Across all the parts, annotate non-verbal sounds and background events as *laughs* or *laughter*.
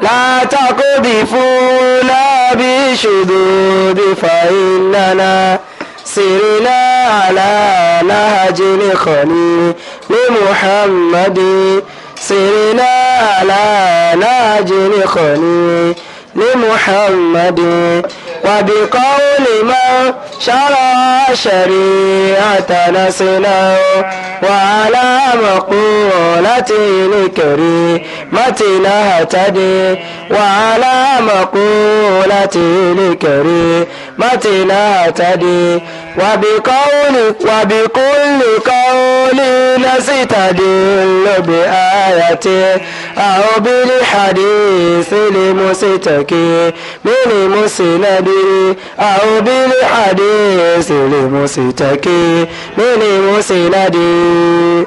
لا تقذفونا بشذوذ فإننا سرنا على نهج الخليل لمحمد سرنا على نهج الخليل لمحمد وبقول من شرع شريعة نصنع وعلى مقولته الكريم متنا هتدي وعلى مقولتي لكري متنا هتدي وبقول وبكل قول نستدل بآية أو بالحديث لمستكي من مسندي أو بالحديث لمستكي من مسندي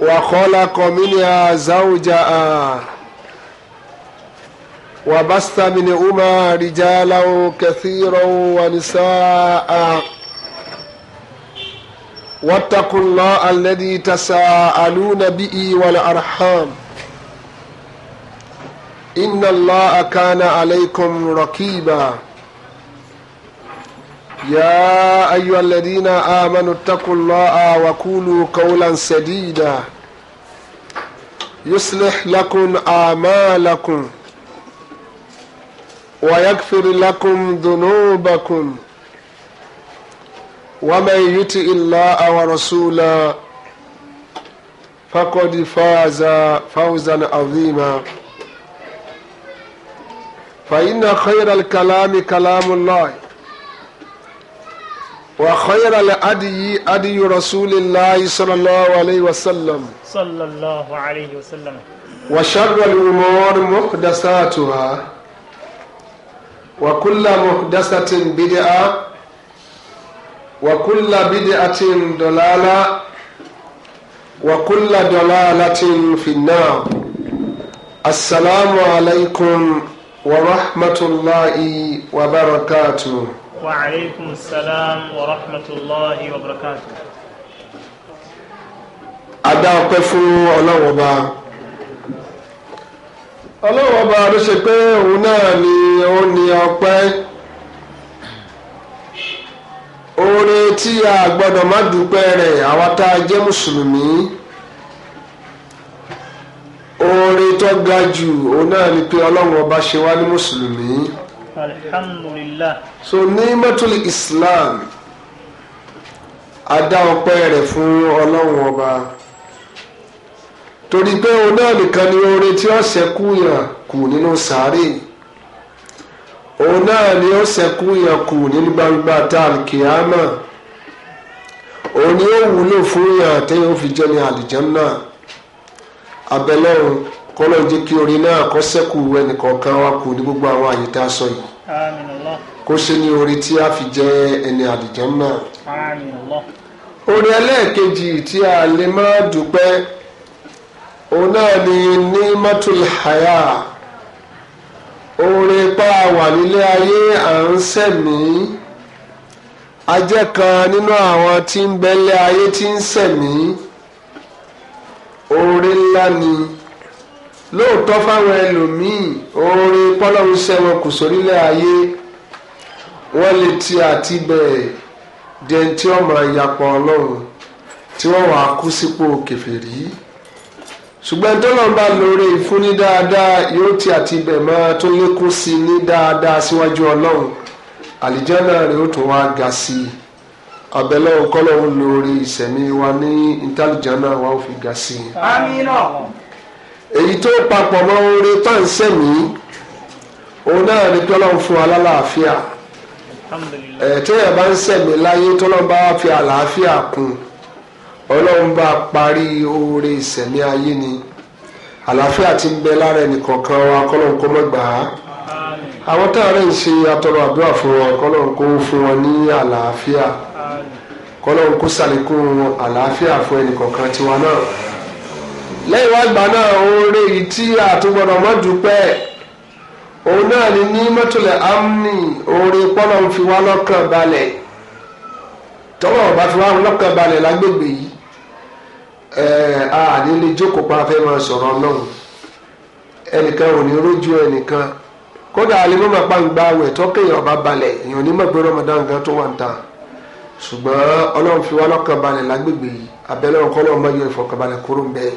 وخلق منها زوجها وبست منهما رجالا كثيرا ونساء واتقوا الله الذي تساءلون به والأرحام إن الله كان عليكم رقيباً يا أيها الذين آمنوا اتقوا الله وقولوا قولا سديدا يصلح لكم آمالكم ويغفر لكم ذنوبكم ومن يطع الله ورسوله فقد فاز فوزا عظيما فإن خير الكلام كلام الله وخير الأدي أدي رسول الله صلى الله عليه وسلم صلى الله عليه وسلم وشر الأمور محدثاتها وكل محدثة بدعة وكل بدعة ضلالة وكل ضلالة في النار السلام عليكم ورحمة الله وبركاته وعليكم السلام ورحمة الله وبركاته adá ọpẹ́ fún Ọlọ́run ọba Ọlọ́run ọba ló ṣe pé òun náà ni ó ní ọpẹ́ oore tí a gbọ́dọ̀ má dúpẹ́ rẹ̀ àwa tá a jẹ́ mùsùlùmí oore tó ga jù òun náà ni pé Ọlọ́run ọba ṣe wá ní mùsùlùmí alhamdulillah. so ni'matul islam a dá ọpẹ́ rẹ̀ fún ọlọ́run ọba torí pé òun náà nìkan ni oore tí ó ṣẹ́kù yàn kù nínú sàárè òun náà ni ó ṣẹ́kù yàn kù nínú gbangba tàlkìámà òun ni ó wúlò fún yàn téèyàn fi jẹ́ ní àlìjánná abẹ́lẹ́run kọ́lọ́ọ̀jẹ́ kí orin náà kọ́ ṣẹ́kù ẹnìkọ̀ọ̀kan wa kù ní gbogbo àwọn àyè tá a sọ yìí. Àmín Allah. kó ṣe ní orí tí a fi jẹ ẹni àlìjànnà. Àmín Allah. orí ẹlẹ́ẹ̀kejì tí a lè máa dúpẹ́ òun náà ni ní mọ́tòlì hayá oore pa wà nílé ayé à ń sẹ̀mí ajẹ́ kan nínú àwọn tí ń bẹ́lẹ̀ ayé tí ń sẹ̀mí oore ńlá ni. Ayé, lóòótọ́ fáwọn ẹlòmíì oore pọ́lọ́run sẹ́wọ̀n kù sórílẹ̀ ayé wọ́n lè ti àti bẹ̀ẹ̀ jẹ́ tí wọ́n máa yapọ̀ ọlọ́run tí wọ́n wàá kú sípò kèfèrí ṣùgbọ́n tọ́lọ́n bá lóore ìfúnni dáadáa yóò ti àti ibẹ̀ máa tó lékún sí ní dáadáa síwájú ọlọ́run àlìjánà rẹ̀ ó tún wáá ga sí i abẹ́lẹ́ òkọ́lọ́hún lóore ìsẹ̀mí wa ní ìtàlìjánà wa ó fi ga sí i. àmín èyí tó papọ̀ mọ́ oore tá à ń sẹ̀mí òun náà ni tọ́lọ́ ń fún wa lálàáfíà téèyàn bá ń sẹ̀mí láyé tọ́lọ́ bá fi àlàáfíà kún ọlọ́run bá parí oore ìsẹ̀mí ayé ni àlàáfíà ti ń bẹ lára ẹnìkọ̀ọ̀kan wa kọ́lọ́n kó mọ́ gbà á àwọn táàrẹ̀ ń ṣe atọ́rọ̀ àdúrà fún wọn kọ́lọ́n kó fún wọn ní àlàáfíà kọ́lọ́n kó ṣàlékún àlàáfíà fún ẹnìkọ̀ọ̀kan tiwa náà. lẹ́yìn wá gbà náà oore yìí tí àtúgbọ̀dọ̀ mọ́ dúpẹ́ òun náà ni ní mọ́tòlẹ̀ amni oore pọ́nà fi wá lọ́kàn balẹ̀ tọ́wọ́ ọba fi wá lọ́kàn balẹ̀ lágbègbè yìí àní eh, lè jókòó pa fẹ́ máa sọ̀rọ̀ náà ẹnìkan ò ní rójú ẹnìkan kódà alimọ́mọ́ pàǹgbà awẹ̀ tọ́kẹ́yìn ọba balẹ̀ èèyàn onímọ̀ tó wà ń ta ṣùgbọ́n Ọlọ́run fi wá lọ́kàn balẹ̀ lágbègbè abẹ́lẹ́ ọ̀kọ́lọ́ ọmọ yóò ìfọkànbalẹ̀ kúrò ń bẹ́ẹ̀.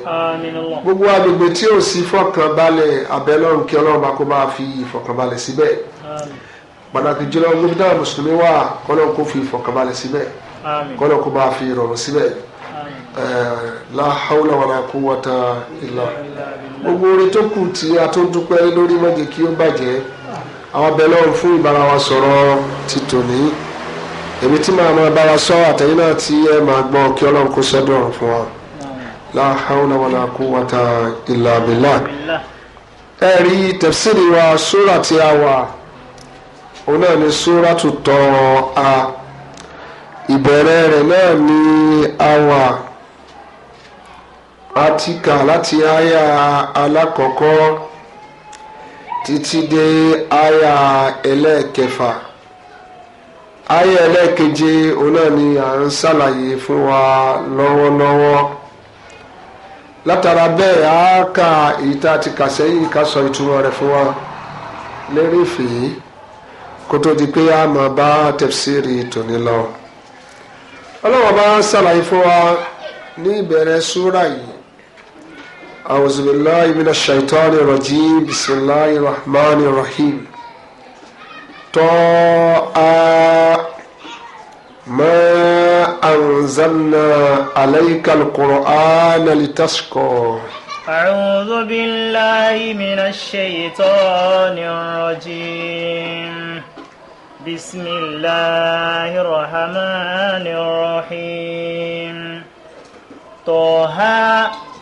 gbogbo agbègbè tí ò sí fọkànbalẹ̀ abẹ́lẹ́ ọ̀nkẹ́ ọlọ́run kó máa fi ìfọkànbalẹ̀ síbẹ̀. pàtàkì jùlọ gbogbo táwọn mùsùlùmí wà kọ́lọ́ kó fi ìfọkànbalẹ̀ síbẹ̀ kọ́lọ́ kó máa fi ìrọ̀rùn síbẹ̀. Eh, la hawla wala quwwata illa. gbogbo orin tó kù tí a tó dúpẹ́ lórí mọ́jẹ̀ kí ó bàjẹ́ àwọn abẹ́lẹ́ ọ̀hún èmi tí màá máa bára sọ àtẹ̀yìn náà tí ẹ máa gbọ́ kí ọlọ́run kó sọ́dọ̀ fún wa la hawla wala quwwata illa billah ẹ rí tafsiri wa sóra tí a wà òun náà ni sóra tó tọ́ a ìbẹ̀rẹ̀ rẹ̀ náà ni a wà a ti kà láti àyà alákọ̀ọ́kọ́ títí dé àyà ẹlẹ́ẹ̀kẹfà ayé ẹlẹ́ẹ̀keje òun náà ni à ń ṣàlàyé fún wa lọ́wọ́lọ́wọ́ látara bẹ́ẹ̀ á ka èyí tá a ti kà sẹ́yìn ká sọ ìtumọ̀ rẹ̀ fún wa lérí fìyí kó tó di pé a máa bá tẹ̀síìrì tòní lọ. ọlọ́wọ́n bá ń ṣàlàyé fún wa ní ìbẹ̀rẹ̀ súrà yìí auzubillahi minash shaitani rajim bismillahir rahmanir rahim. طاء ما أنزلنا عليك القرآن لتشكو أعوذ بالله من الشيطان الرجيم بسم الله الرحمن الرحيم طه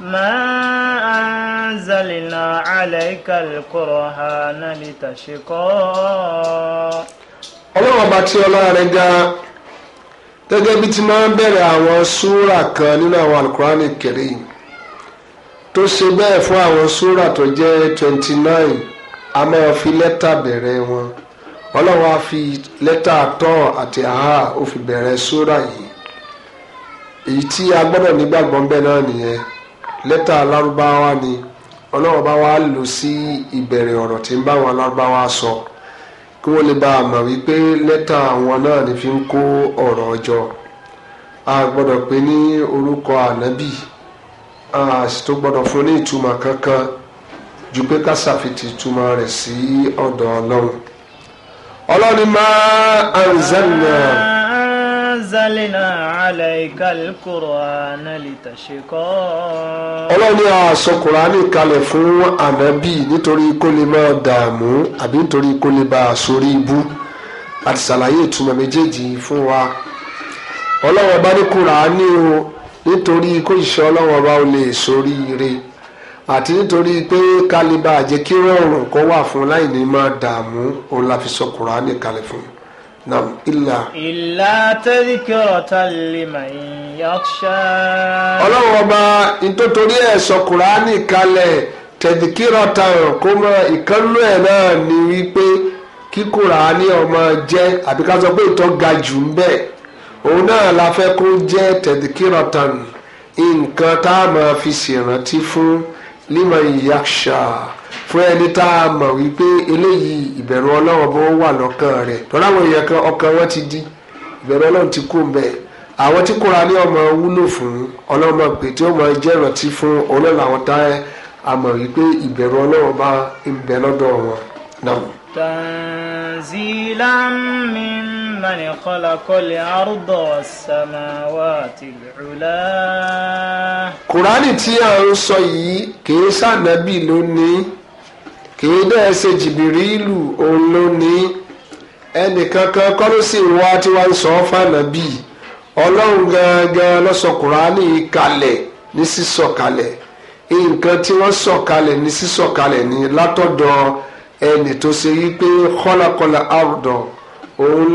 ما أنزلنا عليك القرآن لتشقى ọlọ́run ọba tí ọlá rẹ̀ ga gẹ́gẹ́ bí ti máa ń bẹ̀rẹ̀ àwọn súrà kan nínú àwọn alukurani Karim tó ṣe bẹ́ẹ̀ fún àwọn súrà tó jẹ́ twenty nine a máa fi lẹ́tà bẹ̀rẹ̀ wọn ọlọ́run á fi lẹ́tà tọ́ àti àhá fi bere lẹ́tà alárúbáwá ni ọlọ́run bá wá lò sí ìbẹ̀rẹ̀ ọ̀rọ̀ tí sọ kí wọ́n lè bá a mọ̀ wípé lẹ́tà náà ni fi ń kó ọ̀rọ̀ a gbọ́dọ̀ pè ní orúkọ ànábì a sì tó gbọ́dọ̀ fún ní ìtumọ̀ kankan ju pé ká ṣàfitì ìtumọ̀ rẹ̀ sí ọ̀dọ̀ anzalina alayka al-Qur'ana litashqa. ọlọ́ni àṣọ kùránì kalẹ̀ fún ànábì nítorí kó lè máa dààmú àbí nítorí kó lè bá a sórí ibú àti ṣàlàyé ìtumọ̀ méjèèjì fún wa ọlọ́wọ́ bá ní kùránì o nítorí kó ìṣe ọlọ́wọ́ bá o lè sórí ire àti nítorí pé kálíbà jẹ́ kí rọrùn kó wà fún láì ní máa dààmú òun la fi sọ kùránì kalẹ̀ fún un nam ilà. ilà tadhkiratan liman yakhsha. ọlọ́run ọba nítorí ẹ̀ sọ kùránì kalẹ̀ tadhkiratan kó mọ ìkánlú ẹ̀ náà ni o ma kùránì ọmọ jẹ́ àbí ká sọ pé ìtọ́ ga jù ń bẹ̀ òun náà la fẹ́ kó jẹ́ tadhkiratan nǹkan tá a fi ṣèrántí fún liman yakhsha. fún ẹni tá a mọ̀ wípé eléyìí ìbẹ̀rù ọlọ́run bó wà lọ́kàn rẹ̀ tọ́lá àwọn èèyàn kan ọkàn ti di ìbẹ̀rù ọlọ́run ti ko mbẹ́ àwọn tí kóra ní ọmọ wúlò fún ọlọ́mọ pé tí ó mọ jẹ́ ìrántí fún ọlọ́run àwọn tá a mọ̀ wípé ìbẹ̀rù ọlọ́run bá ń bẹ lọ́dọ̀ wọn تنزيلا ممن خلق والسماوات kìí dẹ́ ṣe jìbìrìlù olóní ẹnìkankan kọ́ kankan sì tí sọ bíi ọlọ́run gangan ló kalẹ̀ ní sísọ̀kalẹ̀ nǹkan tí wọ́n ní sísọ̀kalẹ̀ ní látọ̀dọ̀ ẹnì tó ṣe yí pé kọ́lákọ́lá àrùdọ̀ òun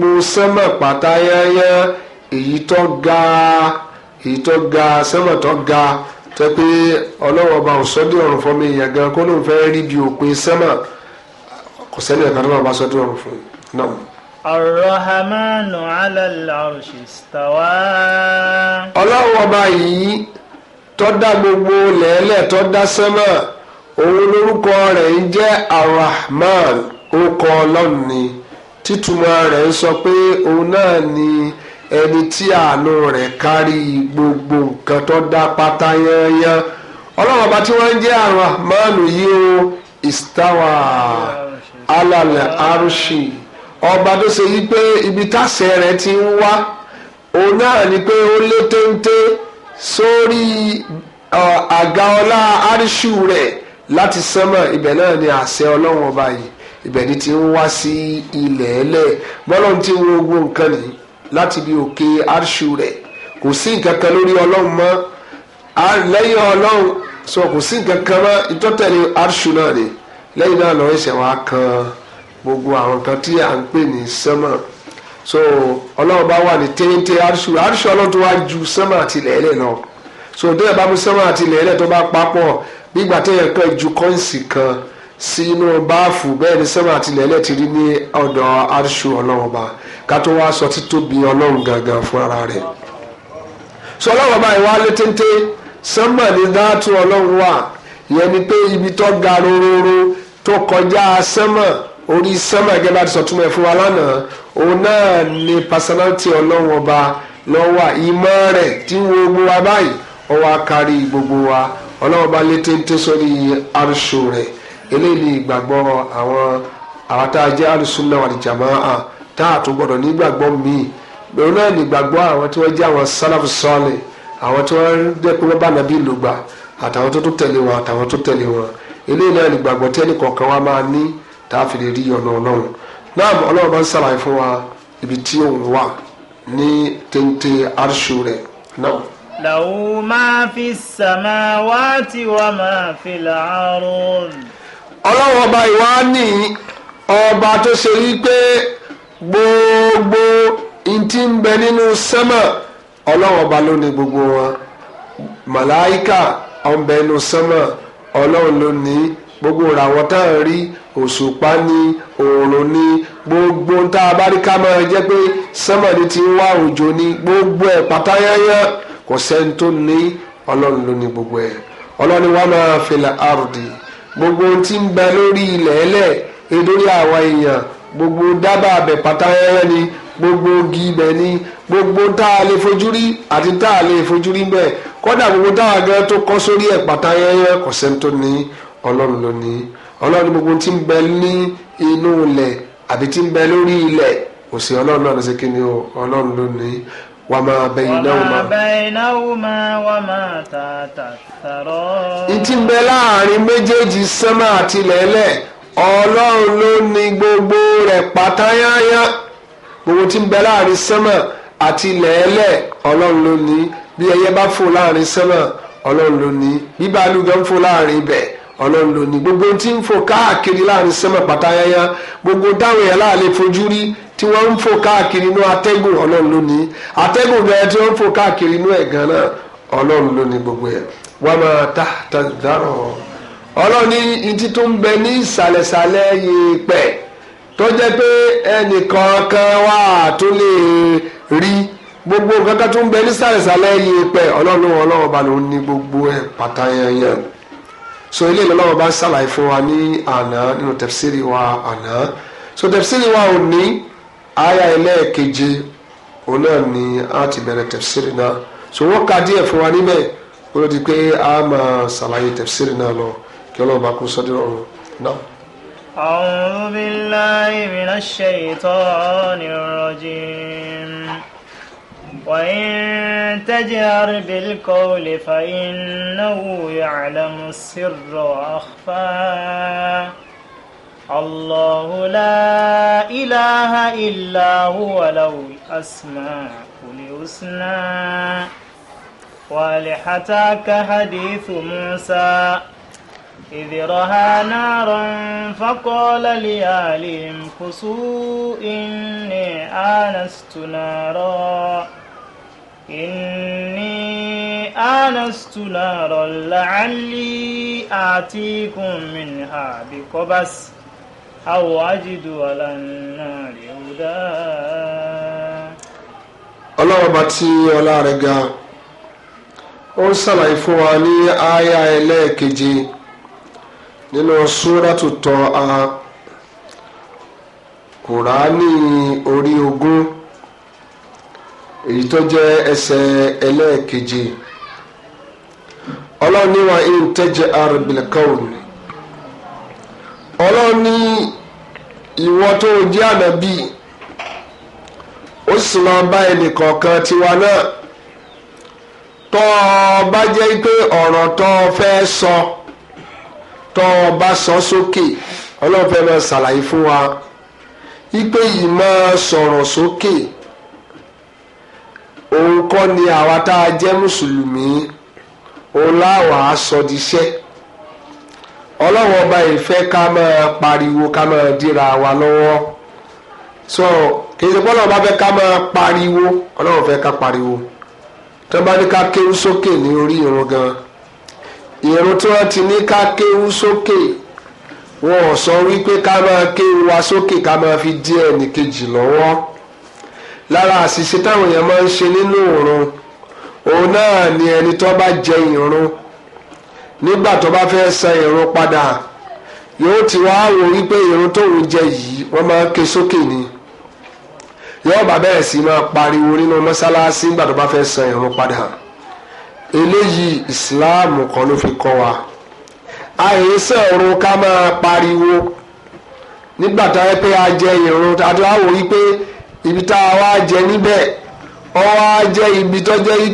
gbogbo pátá èyí ìtọ́ ga sẹ́mọ̀ tó ga tẹ́ pé ọlọ́wọ́ ọba òsọ́dí ọ̀run fún mi yẹn gan kó ló ń fẹ́ rí bí òpin sẹ́mọ̀ kò sẹ́ni ẹ̀ka tó náà bá sọ́dí ọ̀run fún náà. ọlọ́wọ́ ọba yìí tó dá gbogbo lẹ́lẹ̀ tó dá sẹ́mọ̀ òun lórúkọ rẹ̀ ń jẹ́ ar ó kọ ọlọ́run ni títúmọ̀ rẹ̀ ń sọ pé òun náà ni. ẹni tí àánú rẹ̀ kárí gbogbo nǹkan tó dá pátá yányán ọlọ́run ọba tí wọ́n ń jẹ́ àrùn àmọ́ọ̀nù yìí o istawa alalẹ̀ arúṣì ọba tó ṣe yí pé ibi táṣẹ rẹ̀ ti ń wá òun náà ni pé ó lé téńté sórí àga ọlá arúṣì rẹ̀ láti sánmọ̀ ibẹ̀ náà ni àṣẹ ọlọ́run ọba yìí ibẹ̀ ni ti ń wá sí ilẹ̀ ẹlẹ́ bọ́lọ́run ti ń wo ogun nǹkan nìyí láti bí òkè arṣu rẹ̀ kò sí nǹkan kan lórí ọlọ́run mọ́ lẹ́yìn ọlọ́run sọ kò sí nǹkan kan mọ́ ìtọ́tẹ̀lé arṣu náà ni lẹ́yìn náà lọ́wọ́ ẹ̀ṣẹ̀ wa kan gbogbo àwọn kan tí à ń pè ní sẹ́mọ̀ so ọlọ́run bá wà ní téńté arṣu arṣu ọlọ́run tó wá ju sẹ́mọ̀ àti lẹ́lẹ̀ lọ so déyà bá mú sẹ́mọ̀ àti lẹ́lẹ̀ tó bá papọ̀ nígbà téèyàn kan ju kọ́ǹsì kan sínú báàfù bẹ́ẹ̀ ni sẹ́mọ̀ àti lẹ́lẹ̀ ti rí ní ọ̀dọ̀ arṣu ọlọ́run bá ká tó wá sọ títóbi ọlọ́run gangan fún ara rẹ̀ sọ ọlọ́run ọba ìwà létéńté sánmà ní dáàtú ọlọ́run wà ìyẹn ni pé ibi tó ga rororo tó kọjá sánmà orí sánmà gẹ́gẹ́ bá ti sọ túmọ̀ ẹ̀ fún wa lánàá òun náà ni personality ọlọ́run ọba lọ́wọ́ ìmọ̀ rẹ̀ tí ń wo gbogbo wa báyìí ọwọ́ akárí gbogbo wa ọlọ́run ọba létéńté sórí arṣu rẹ̀ eléyìí ni ìgbàgbọ́ àwọn àwọn tá a jẹ́ alùsùn náà wà ní jàmáà tá a tún gbọdọ̀ nígbàgbọ́ míì bẹ̀rù náà nígbàgbọ́ àwọn tí wọ́n jẹ́ àwọn sálàfù sọ́ọ̀lì àwọn tí wọ́n jẹ́ pé wọ́n bá nàbí ìlú gbà àtàwọn tó tún tẹ̀lé wọn àtàwọn tó tẹ̀lé wọn eléyìí náà nígbàgbọ́ tí ẹnì wa máa ní tá a fi lè rí ọ̀nà ọlọ́run náà ọlọ́run bá ń sàlàyé fún wa ibi tí òun wà ní téńté arṣu rẹ̀ náà. lahu ma fi samawati wa ma fi al-arun. ọlọ́run ọba ìwá ní ọba tó ṣe wípé gbogbo ntí ń bẹ nínú sẹ́mà ọlọ́run ọba ló ní gbogbo wọn màláìkà ọ̀nbẹ nínú sẹ́mà ọlọ́run ló ní gbogbo ràwọn tá à ń rí òṣùpá ní òòrùn ní gbogbo tá a bá rí ká máa jẹ́ pé sẹ́mà ni ti ń wá òjò ní gbogbo ẹ̀ pátáyáyá kò sẹ́ni tó ní ọlọ́run ló ní gbogbo ẹ̀ ọlọ́run wa máa fi la àrùdì gbogbo ohun tí ń bẹ lórí ilẹ̀ ẹlẹ́ èdórí àwa èèyàn gbogbo dábàá abẹ pátáyẹrẹ ni gbogbo ogi ibẹ ni gbogbo tá a lè fojú rí àti tá a lè fojú rí bẹ́ẹ̀ kódà gbogbo táwa gan tó kọ sórí ẹ pátáyẹrẹ kò sẹ́ni tó ní Ọlọ́run ló ní Ọlọ́run gbogbo tí ń bẹ ní inú ilẹ̀ àbí tí ń bẹ lórí ilẹ̀ kò sí Ọlọ́run náà ló ṣe kí o Ọlọ́run ló ní wàmà bẹ̀yìnáwòmá wàmà tààtà ìtì ń bẹ láàrin méjèèjì sánmà àti lẹ́lẹ̀ ọlọ́run ló ní gbogbo rẹ̀ pátáyáyá gbogbo tí ń bẹ láàrin sánmà àti lẹ́ẹ̀lẹ̀ ọlọ́run ló ní bí ẹyẹ bá fò láàrin sánmà ọlọ́run ló ní bí bàálù gan fò láàrin ibẹ̀ ọlọ́run ló ní gbogbo tí ń fò káàkiri láàrin sánmà pátáyáyá gbogbo dáhùn yẹn láàlẹ́ fojú rí tí wọ́n ń fò káàkiri inú atẹ́gùn ọlọ́run ló ní atẹ́gùn bẹ́ẹ̀ tí wọ́n ń fò káàkiri inú ẹ̀ náà ọlọ́run ló ní gbogbo ẹ̀ wọ́n máa tá tá dárọ̀ ọlọ́run ní ti tó ń bẹ ní ìsàlẹ̀sàlẹ̀ yèèpẹ̀ tó jẹ́ pé ẹnìkọ̀ọ̀kan wà tó lè rí gbogbo kankan tó ń bẹ ní ìsàlẹ̀sàlẹ̀ yèèpẹ̀ ọlọ́run ọlọ́run ọba ló ní gbogbo ẹ̀ pátá yanyan so ilé ìlọ́lọ́wọ́ bá ń ṣàlàyé fún wa ní àná nínú tẹ̀fsíìrì wa àná so tẹ̀fsíìrì wa ò ní àyà ẹlẹ́ẹ̀keje òun náà ni a ti bẹ̀rẹ̀ tẹ̀fsíìrì náà so wọ́n ka díẹ̀ fún wa níbẹ̀ ó ló pé a máa ṣàlàyé tẹ̀fsíìrì náà lọ kí ọlọ́run bá kú sọ́dọ̀ ọ̀run náà. أعوذ بالله من الشيطان الرجيم وإن تجهر بالقول فإنه يعلم السر وأخفى الله لا إله إلا هو له الأسماء الحسنى ولحتاك حديث موسى إذ رها نارا فقال لآلهم كسوا إني آنست نارا إني آنست نارا لعلي آتيكم منها بقبس أو أجد على النار هدى ọlọ́wọ́ bá tí ọlá rẹ̀ ga ó ń ṣàlàyé nínú súrátù tọ́ a kùránì orí ogún èyí tó jẹ́ ẹsẹ̀ ẹlẹ́ẹ̀keje ọlọ́ọ̀ni wa in tẹ́jẹ́ arabilkaun ọlọ́ọ̀ni ìwọ tó jẹ́ ànábì ó sì máa bá ẹnìkọ̀ọ̀kan tiwa náà tọ́ ọ bá jẹ́ pé ọ̀rọ̀ tọ́ ọ fẹ́ sọ. So tọ́ ọ bá sọ sókè ọlọ́run máa ṣàlàyé fún wa ipe yìí máa sọ̀rọ̀ sókè òun kọ́ ni àwa tá a jẹ́ mùsùlùmí òun láwàá sọ di iṣẹ́ ọlọ́run ọba ìfẹ́ ká máa pariwo ká máa dìra wa lọ́wọ́ so kì í ṣe pé ọlọ́run bá fẹ́ ká máa pariwo ọlọ́run fẹ́ ká pariwo tí wọ́n bá ní ká kéwú sókè ní orí irun gan-an ìrun tí wọ́n ti ní ká kéwú sókè wọn ò sọ wípé ká máa kéwú wa sókè ká máa fi dí ẹnìkejì lọ́wọ́ lára àṣìṣe táwọn èèyàn máa ń ṣe nínú ìrun òun náà ni ẹni tó bá jẹ ìrun nígbà tó bá fẹ́ san ìrun padà yóò ti wá wò wípé ìrun tóun jẹ yìí wọ́n máa ń ké sókè ni yóò bá bẹ̀rẹ̀ sí máa pariwo nínú mọ́sálásí nígbà tó bá fẹ́ san ìrun padà eléyìí ìsìláàmù kan ló fi kọ́ wa àìsàn ọ̀run ká máa pariwo nígbà tá a yẹ pé a jẹ ìrun àti wàá wò yí pé ibi tá a wá jẹ níbẹ̀ ọ wá jẹ ibi tó jẹ́ yí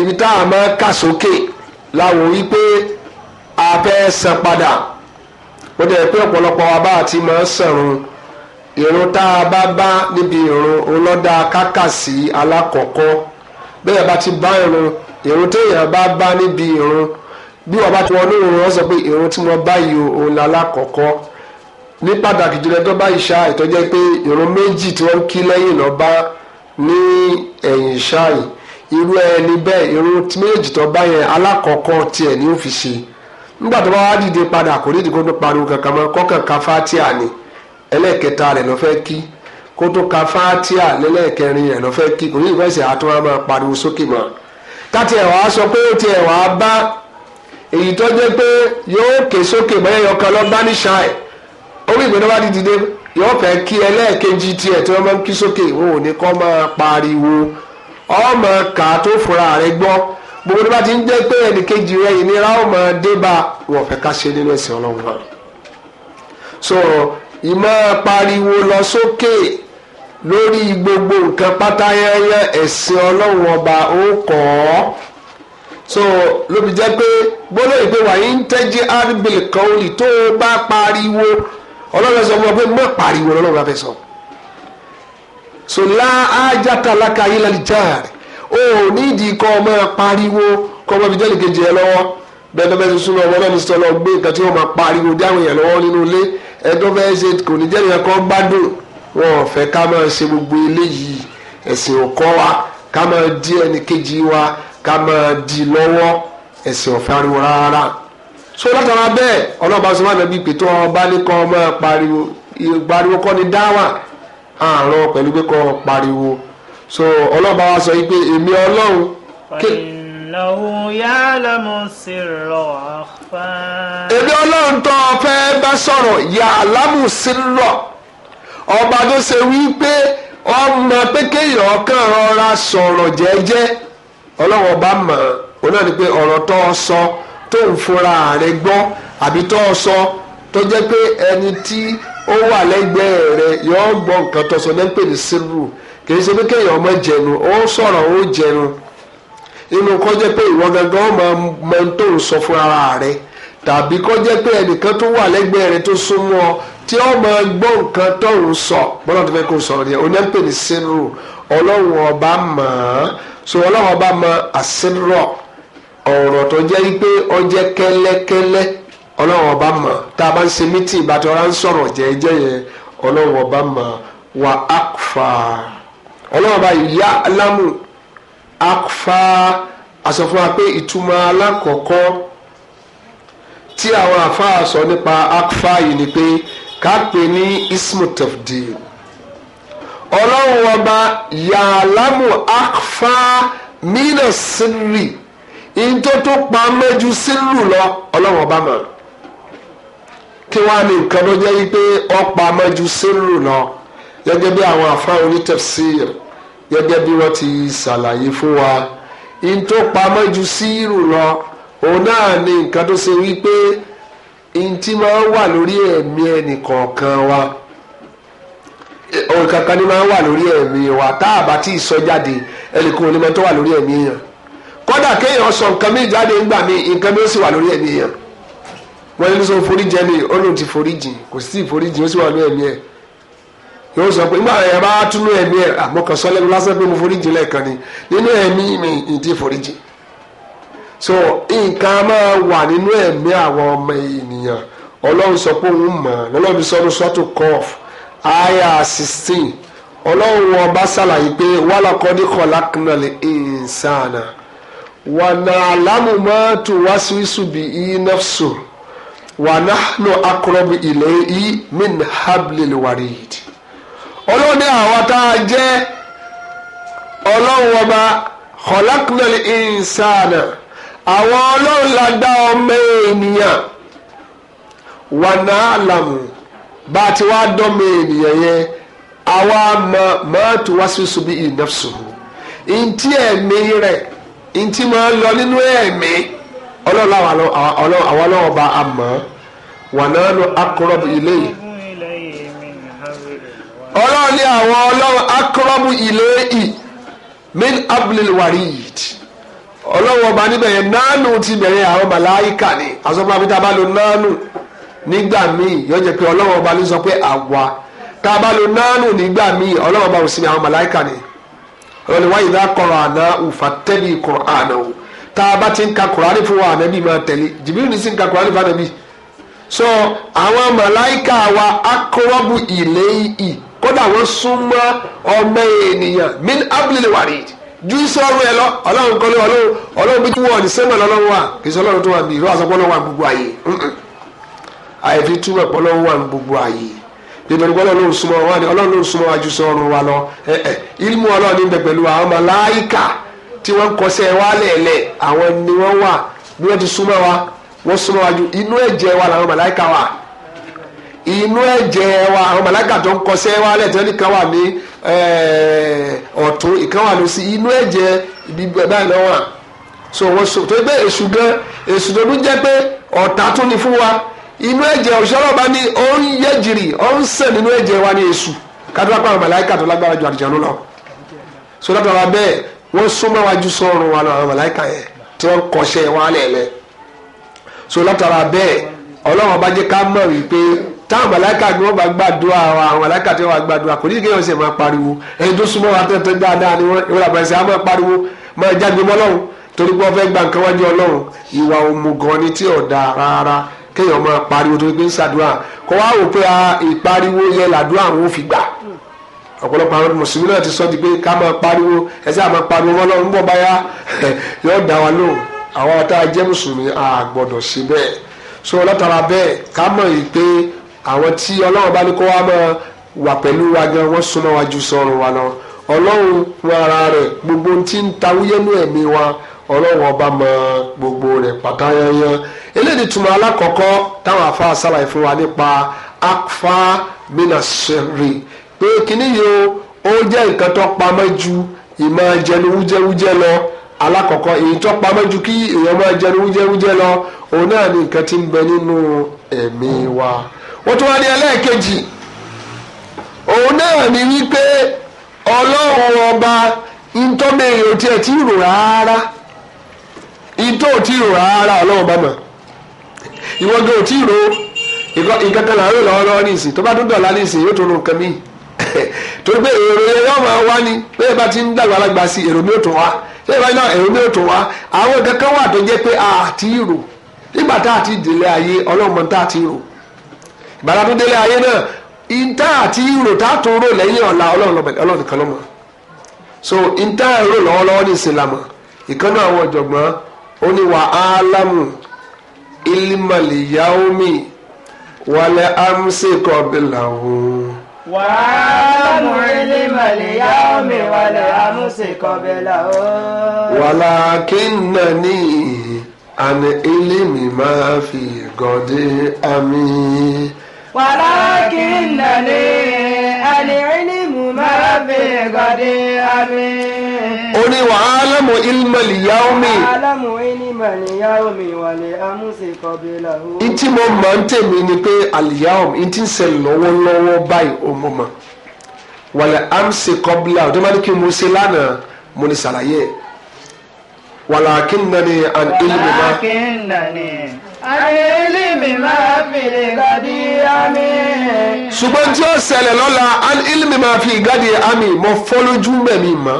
ibi tá a máa kà sókè láwò yí a fẹ́ san padà ó dẹ̀ pé ọ̀pọ̀lọpọ̀ wa bá àti máa sọ̀run ìrun tá a bá bá níbi ìrun ọlọ́dà kákà sí alákọ̀ọ́kọ́ bẹ́ẹ̀ bá ti bá ìrun ìrun téèyàn bá bá níbi ìrun bí wọn bá ti wọnú ìrun wọn sọ pé ìrun tí wọn bá yìí òun la lákọ̀ọ́kọ́ ní pàtàkì jùlọ tó bá ìṣá ìtọ́jẹ́ pé ìrun méjì tí wọ́n kí lẹ́yìn lọ bá ní ẹ̀yìn ìṣá yìí irú ẹni bẹ́ẹ̀ méjì ni ṣe nígbà tó bá wá dìde padà pariwo kankan mọ́ ni ẹlẹ́ẹ̀kẹta rẹ̀ kí kó tó ka lẹ́lẹ́ẹ̀kẹrin rẹ̀ kí kò káti ẹ̀ wá sọ pé ó ti ẹ̀ wá bá èyí tó jẹ́ pé yóò ké sókè bóyá yọkan lọ bá ní ṣáà ẹ̀ orí ìgbẹ́ náà bá ti dìde yóò fẹ́ kí ẹlẹ́ẹ̀kejì tiẹ̀ tí wọ́n máa ń kí sókè wọn ò ní kọ́ máa pariwo ọmọ kà tó fura rẹ gbọ́ gbogbo nígbà tí ń jẹ́ pé ẹnìkejì rẹ ìnira ó máa dé fẹ́ ká ṣe nínú ẹ̀sìn ọlọ́run náà so ìmọ̀ pariwo lọ sókè. So, lórí gbogbo nǹkan pátáyẹ́yẹ́ ẹ̀sìn ọlọ́run ọba ó kọ́ ọ́ so ló fi jẹ́ pé gbólóyìn pé wàá ń tẹ́jú arbil kọ́ọ̀lì tó o bá pariwo ọlọ́run sọ fún ọ pé mọ̀ pariwo ọlọ́run bá fẹ́ sọ so lá ájàtà lákà yìí lálẹ́ jáàrì o ò nídìí kọ́ ọmọ pariwo kọ́ ọmọ ìjọ́ ìkejì ẹ lọ́wọ́ bẹ́ẹ̀ tó fẹ́ ṣe súnmọ́ ọmọ náà ní sọ lọ gbé nǹkan tí wọ́n máa pariwo dé àwọn èèyàn lọ́wọ́ nínú ilé ẹ tó fẹ́ ṣe wọn ò fẹ́ ká máa ṣe gbogbo eléyìí ẹ̀sìn ò wa ká máa dí ẹnì kejì wa ká máa di lọ́wọ́ ẹ̀sìn ọ̀fẹ́ ariwo rárá so látara bẹ́ẹ̀ ọlọ́ba sọ wà nàbí pé tó ọba ní kọ́ ọmọ pariwo pariwo kọ́ ni dáwà àrùn pẹ̀lú pé kọ́ pariwo so ọlọ́ba wa sọ pé èmi ọlọ́run. Ìnáwó yá lámú sí rọ̀ bá sọ̀rọ̀ yà lámú ọba tó ṣe wípé ọmọ pé kéèyàn kàn rọra sọ̀rọ̀ jẹ́jẹ́ ọlọ́wọ́ bá mọ̀ ọ́ náà ni pé ọ̀rọ̀ tó o sọ tó ń fura rẹ̀ gbọ́ àbí tó o sọ tó jẹ́ pé ẹni tí ó wà lẹ́gbẹ̀ẹ́ rẹ̀ yọ̀ọ́ gbọ́ nǹkan tó sọ lẹ́ńpẹ̀ ní sírù kì í ṣe pé kéèyàn ọmọ jẹnu ó sọ̀rọ̀ ó jẹnu inú kọ́ jẹ́ pé ìwọ gangan ọmọ mẹ́ńtò ń sọ fún rẹ̀ tàbí kọ́ jẹ́ pé ẹnìkan tó wà lẹ́gbẹ̀ẹ́ rẹ̀ tó súnmọ́ ọ tí ó máa gbọ́ nǹkan tó ń sọ bọ́lá tó fẹ́ kó sọ̀rọ̀ yẹn oní ẹ̀ńpẹ̀ ní sinru ọlọ́run ọba mọ̀ ọ́n so ọlọ́run ọba mọ àsinrọ̀ ọ̀rọ̀ tó jẹ́ pé ó jẹ́ kẹ́lẹ́kẹ́lẹ́ ọlọ́run ọba mọ̀ tá a bá ń ṣe mítì ìbátan ń sọ̀rọ̀ jẹ́ẹ́jẹ́ yẹn ọlọ́run ọba mọ̀ wà ákfà ọlọ́run ọba ìyá alámù ákfà aṣọ fún wa pé ìtumọ̀ alákọ̀ọ́kọ́ tí àwọn àfáà sọ nípa ákfà yìí ni pé ká pè ní ismu tafdil ọlọ́run ọba yàlámù akfa mina sirri ìtò tó pa mẹ́jú sírù lọ ọlọ́run ọba mọ̀ kí wọ́n á ní nǹkan tó jẹ́ wípé ó pa mẹ́jú sírù lọ gẹ́gẹ́ bí àwọn àfáà onítafsir gẹ́gẹ́ bí wọ́n ti ṣàlàyé fún wa ìtò pa mẹ́jú sírù lọ òun náà ní nǹkan tó ṣe wípé ntí máa wà lórí ẹ̀mí ẹnì kọ̀ọ̀kan wa òun kankan ni máa wà lórí ẹ̀mí wa tá a bá tí ì sọ jáde ẹnìkan ò ní máa tó wà lórí ẹ̀mí yẹn kódà kéèyàn sọ nǹkan mi jáde ńgbà mi nǹkan mi ó sì wà lórí ẹ̀mí yẹn wọ́n ní sọ foríjì ẹni olóhùn ti foríjì kò sí ìforíjì ó sì wà lórí ẹ̀mí ẹ̀ yóò sọ pé nígbà yẹn bá túnú ẹ̀mí ẹ̀ àmọ́ kan sọ lẹ́nu lásán pé mo foríjì lẹ́ẹ̀kan ni nínú ẹ̀mí mi ìdí foríjì so nǹkan máa wà nínú ẹ̀mí àwọn ọmọ ènìyàn ọlọ́run sọ pé òun mọ̀ lọ́lọ́run sọ ọdún sọ́tò kọ́ọ̀f àyà sixteen ọlọ́run ọba ṣàlàyé pé wàlàkọ́dí kọ̀lákùnàlè ìǹsànà wànà àlámùmọ́ tó wá síwísù bí i nọ́fṣù wànà nù akọrọ̀bù ilẹ̀ yìí min hablil warid ọlọ́run ní àwa tá a jẹ́ ọlọ́run ọba kọ̀lákùnàlè ìǹsànà. àwọn ọlọ́run la dá ọmọ ènìyàn wàná àlàmù bá a ti wá dọ́mọ ènìyàn yẹn àwa mọ mọ́tò wá sí subi ìnáfsù ntí ẹ̀mí rẹ̀ ntí lọ nínú ẹ̀mí ọlọ́run ọba àmọ́ wàná lọ ile ilé yìí ọlọ́run ní àwọn ọlọ́run akọrọ́bù ilé yìí min abdul ọlọ́run ọba níbẹ̀ yẹn nánú ti bẹ̀rẹ̀ àwọn màláìkà ni àsọpọ̀ àbí tá a bá lo nánú nígbà míì jẹ́ pé ọba ló sọ pé àwa tá a bá lo nánú nígbà míì ọlọ́run ọba ò sí àwọn màláìkà ni ọlọ́run wáyé dá kọ̀rọ̀ àná òfà tẹ́lẹ̀ kọ̀rọ̀ àná o tá a bá ti ń ka kùránì fún wa máa tẹ̀lé jìbìrì ń ka kùránì so àwọn ju sọ́ọ̀rù ẹ lọ ọlọ́run kọ́lé ọlọ́run ọlọ́run bí tí wọ́n ní sẹ́mọ̀ lọ́lọ́run wà kì í sọ ọlọ́run tó wà bí ìlú àsọpọ̀ lọ́wọ́ gbogbo ààyè àìfi túwẹ̀ pọ̀ lọ́wọ́ wà gbogbo ààyè nítorí pé ọlọ́run súnmọ́ wa ni ọlọ́run súnmọ́ wa ju sọ́ọ̀rù wa lọ ẹ̀ẹ́ ilmu ọlọ́run níbẹ̀ pẹ̀lú àwọn màláíkà tí wọ́n kọsẹ̀ wa lẹ̀lẹ̀ àwọn ni wọ́n wà bí wọ́n ti súnmọ́ wa wọ́n súnmọ́ wa ju inú ẹ̀jẹ̀ wa làwọn màláíkà wà inú ẹ̀jẹ̀ wa àwọn màláíkà tó ń kọsẹ̀ wa lẹ̀ tẹ́lẹ̀ kan wà ní Eh, ọ̀tún ìkan wà ló sí inú ẹ̀jẹ̀ ibi báyìí lọ́wọ́ à so wọ́n so tó gbé èṣù gan èṣù tó tún jẹ́ pé ọ̀tá tún ni fún wa inú ẹ̀jẹ̀ òṣèlọ́ba ni ó ń yẹ jìrì ó ń sẹ̀ nínú ẹ̀jẹ̀ wa ní èṣù kádúrà pàrọ̀ màláìka tó lágbára ju àdìjọ́nú lọ so látara bẹ́ẹ̀ wọ́n súnmọ́ wájú sọ́run wa lọ́wọ́ màláìka yẹn tí wọ́n kọ́ṣẹ́ wa lẹ̀lẹ́ so látara bẹ́ẹ̀ ọlọ́run ọba jẹ́ ká mọ̀ wípé táwọn màláìka ni wọ́n bá gbàdúrà wa àwọn màláìka tí wọ́n bá gbàdúrà kò ní kí wọ́n sì máa pariwo ẹni tó súnmọ́ wa tẹ́tẹ́ dáadáa ni wọ́n ìwọ́n àbẹ̀sẹ̀ á máa pariwo máa jáde mọ́ lọ́hùn torí pé wọ́n fẹ́ gba nǹkan wájú ọlọ́run ìwà òmùgọ̀ ni tí ò dáa rárá kéèyàn máa pariwo torí pé ń ṣàdúrà kó wá wò pé ìpariwo yẹn làdúrà àwọn ò fi gbà ọ̀pọ̀lọpọ̀ àwọn mùsùlùmí náà ti sọ di pé ká máa pariwo ẹ̀sẹ̀ àmọ́ pariwo wọn lọ́run bọ̀ báyà *laughs* yóò dá wa lóhùn àwọn tá a jẹ́ mùsùlùmí a gbọ́dọ̀ ṣe bẹ́ẹ̀ so látara bẹ́ẹ̀ ká mọ̀ yìí pé àwọn tí ọlọ́run bá ní kó wá máa wà pẹ̀lú wa gan wọ́n súnmọ́ wa ju sọ̀rọ̀ wa lọ ọlọ́run wọn ara rẹ̀ gbogbo tí ń ta wúyẹ́ ní ẹ̀mí wa ọlọ́run ọba mọ gbogbo rẹ̀ pátá yanyan eléyìí alákọ̀ọ́kọ́ táwọn fún wa nípa akfa pé kíní yìí ó jẹ́ nǹkan tó pamọ́ ju ìmọ̀ jẹnu lọ alákọ̀ọ́kọ́ èyí tó pamọ́ wa. ó tún wá ní ẹlẹ́ẹ̀kejì òun náà ní wípé ọlọ́run ọba ntọ́bẹ̀rẹ̀ ò tiẹ̀ ara rò rárá ntọ́ ò tí rò rárá ọlọ́run ọba mọ̀ ìwọ gan ò tí rò nǹkan kan làárọ̀ lọ́wọ́ lọ́wọ́ ní ìsìn tó bá tún ní ìsìn yóò nǹkan míì *laughs* èrò yóò máa wá ní bá ti ń dàgbà sí èrò mi ò wá èrò gbàrà tó délé ayé náà ìta àti ìrò tá a tó rò lẹ́yìn ọ̀la ọlọ́run nìkan so ìta ìrò lọ́wọ́lọ́wọ́ ní ìsìlámù ìkànnì àwọn ọ̀jọ̀gbọ́n ó ní wà á lámù ilmàlì yaomi wàlẹ̀ amúsè kọ́bìlàwò. wà á lámù ilmàlì yaomi wàlẹ̀ amúsè kọ́bìlàwò. wàlà kí n nà àná ilé mi máa fi gọ̀dé àmì. ولكن العلم ما في غد أمين ó ní وأعلم علم اليوم وأعلم علم اليوم والأمس قبله ntí mo máa ń tèmi ni pé aliyahum ntí ń ṣe lọ́wọ́lọ́wọ́ báyìí ó mọ̀ mọ́ wàlẹ̀ amsi kọ́bílà ọ̀dọ́ máa ní kí mo ṣe lánàá mo ní ṣàlàyé wàlàkín nani an ilmi ma. wàlàkín nani ṣùgbọ́n tí ó ṣẹlẹ̀ lọ́la ilmi máa fi gadi ami. mọ fọ́lójú mẹ́mí mọ́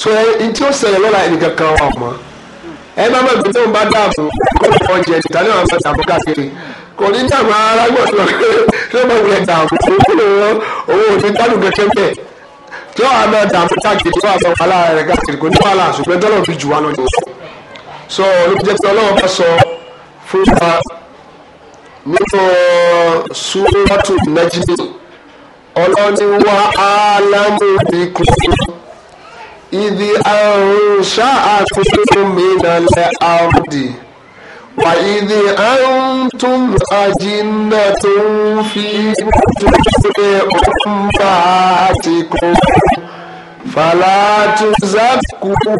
so ẹni tí ó ṣẹlẹ̀ lọ́la ẹnìkan kan wà mọ́ ẹ má mọ̀ pé tí òun bá dáàbò kó lọ́wọ́ jẹ níta ní àwọn àbọ̀ káàkiri kò ní dàgbà ara gbọ́dọ̀ ló máa wulẹ̀ dààmú kó lọ́wọ́ owó òní dánù kẹ̀kẹ́ bẹ́ẹ̀ tí wọ́n á máa káàkiri wọ́n á máa wàhálà rẹ̀ káàkiri kò ní wàhálà ṣùgbọ́n tọ́lọ̀ fi jù wá lọ́dún so olùdíje tí ọlọ́wọ́ fún wa nínú súrọ́tù nájídì ọlọ́ni wá álámù bíkún ìdí àrùn ṣáàkùnkùn mìíràn lẹ́ àrùndì wà ìdí àrùntún àjínà tó ń fi túnṣe ọ̀pá àtìkùn fàlàtúnṣàkùnkùn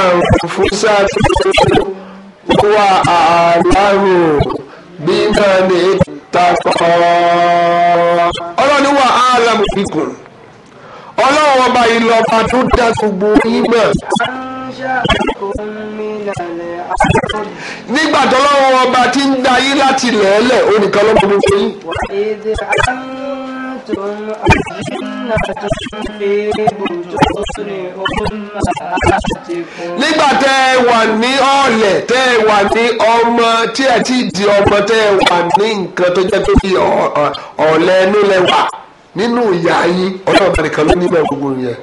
àrùn fúnṣàkùnkùn wà àlàrò bímọ ní takọ. ọlọ́ni wà áàlámù bíkùn ọlọ́run ọba ìlọba tó dá gbogbo yín mọ̀. nígbà tó lọ́wọ́ ọba ti ń da yín láti lẹ̀ẹ́lẹ̀ onìkan lọ́mọ gbogbo yín nígbà tẹ ẹ wà ní ọ̀lẹ̀ tẹ ẹ wà ní ọmọ tí ẹ ti di ọmọ tẹ ẹ wà ní nǹkan tó jẹ́ pé bí ọ̀lẹ̀ ẹnu lẹ wà nínú ìyá yín ọlọ́ọ̀bá nìkan ló ní gbogbo yẹn.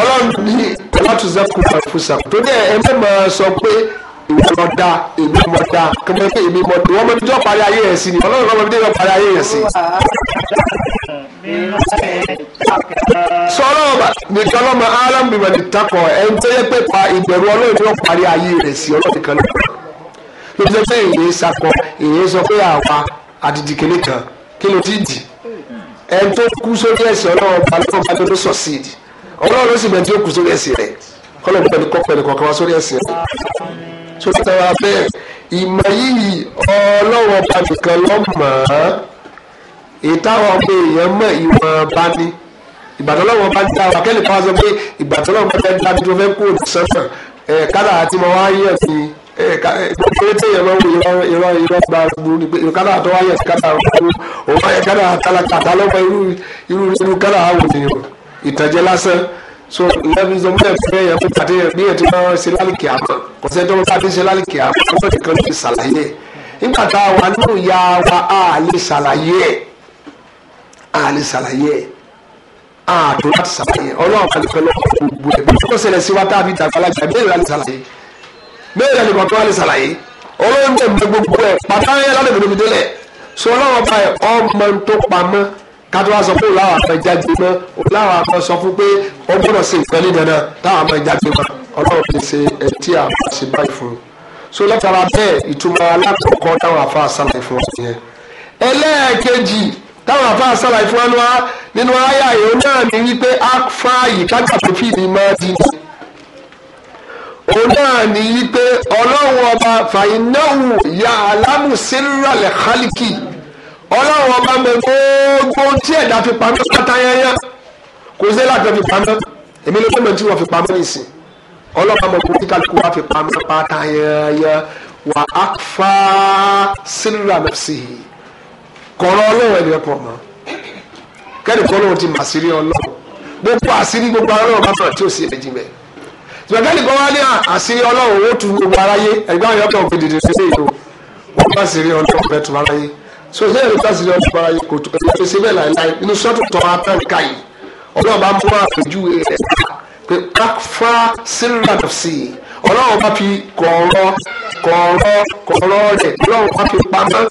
ọlọ́run ní ọlọ́tún zákùn fàfúsà tó dẹ̀ ẹ mọ̀ máa sọ pé ìwọ lọ da èmi mọ da kẹmọ pé èmi mọ da wọn mọ ibidjọ parí ayé yẹn sí ni Ọlọ́run lọmọ ibidjọ parí ayé yẹn sí. sọ̀rọ̀ ọba nìkan lọ́mọ alámbìmọ̀ nìtakọ̀ ẹni tó yẹ pé pa ìbẹ̀rù Ọlọ́run ló parí ayé rẹ̀ sí Ọlọ́run nìkan lọ́mọ. lóbi tó pé èyí sakọ èyí sọ pé àwa àdìdì kele kan kí ló ti dì ẹni tó kú sórí ẹ̀sìn Ọlọ́run ọba lọ́wọ́ bá tó tó sọ̀ sí i Ọlọ́run ló sì bẹ̀ tí ó kú kọ́kọ́ wá sórí ẹ̀sìn rẹ̀ tó sára bẹ́ẹ̀ ìmọ̀ yìí ọlọ́wọ́ bá nìkan lọ́ mọ̀ ọ́ ìtawọ̀ ọmọ èèyàn mọ̀ ìwọ̀n bá ní ìbàdàn lọ́wọ́ bá ní táwọn akẹ́lẹ̀ fún wa sọ pé ìbàdàn lọ́wọ́ bá ní dáadé tó fẹ́ kó ní sọ́sàn ẹ̀ kádà àti mọ̀ wá yẹ̀ sí kéré tí èèyàn máa ń wo irọ́ irọ́ gba gburu ni pé kádà àtọ́ wá yẹ̀ sí kádà àtọ́ òun wá yẹ kádà àtàlàkà àtàlọ́mọ irú irú kádà àwòrán ìtànjẹ lásán so ìyá mi sọ mílẹ̀ fẹ́ yẹn fún pàdé yẹn bí yẹn ti máa ṣe lálìkì àmọ́ kò sẹ́ dọ́gba tá a ti ṣe lálìkì àmọ́ ọlọ́run nìkan ló ti ṣàlàyé ẹ̀ nígbà tá a wà nínú ìyá wa a lè ṣàlàyé ẹ̀ a lè ṣàlàyé ẹ̀ a tó láti ṣàlàyé ọlọ́run kan nìkan lọ́wọ́ gbogbo ẹ̀ bí kò ṣẹlẹ̀ sí wa tá a fi dàgbà lájà bẹ́ẹ̀ lálẹ́ ṣàlàyé bẹ́ẹ̀ lẹ́nu kọ̀ọ̀kan lálẹ́ ṣàlàyé ọlọ́run tẹ̀ kátó wá sọ pé òláwà àmọ́ ìjáde mọ́ òláwà àmọ́ sọ fún pé ó gbọ́dọ̀ sí nǹkan ní dandan táwọn àmọ́ ìjáde mọ́ ọlọ́run fi ṣe ẹtí àfàṣe báyìí fún un. so látara bẹ́ẹ̀ ìtumọ̀ alákọ̀ọ́kọ́ táwọn àfa àṣàlàyé fún wọn yẹn. ẹlẹ́ẹ̀kejì táwọn àfa àṣàlàyé fún wọn wá nínú àyà ìhó náà ni wípé akfa yìí kájà máa di òun náà ni wípé ọlọ́run ọba fàyínáwù yà á lámùsílẹ̀ ọlọ́run ọba mọ gbogbo tí ẹ̀dá fi pamọ́ pátáyáyá kò sí láti fi pamọ́ èmi ló mọ̀ tí wọ́n fi pamọ́ nìsín ọlọ́run ọba mọ kálukú wa fi pamọ́ pátáyáyá wà á fa sílùú àmọ́sí kọ̀ọ̀rọ̀ ọlọ́run ẹ̀dẹ̀ pọ̀ mọ́ kẹ́ni kọ́ lóun ti mà sírí ọlọ́run gbogbo àṣírí gbogbo ara ọlọ́run bá fà tí ò sí ẹ̀jì mẹ́ tùmọ̀kẹ́ni kọ́ wá ní àṣírí ọlọ́run ó tu gbogbo aráyé ẹ̀gbọ́n yọ̀ọ́ so ṣé ẹni tá a sì lọ fún ara yẹn kò tó ẹni fèsì bẹ́ẹ̀ láìláì inú sọ́tò tọ́ abẹ́ǹkà yìí ọlọ́run bá mú àpèjúwe rẹ̀ pé káfá sílùmọ̀tò sí i ọlọ́run bá fi kọ̀ọ̀rọ̀ kọ̀ọ̀rọ̀ kọ̀ọ̀rọ̀ rẹ̀ ọlọ́run bá fi pamọ́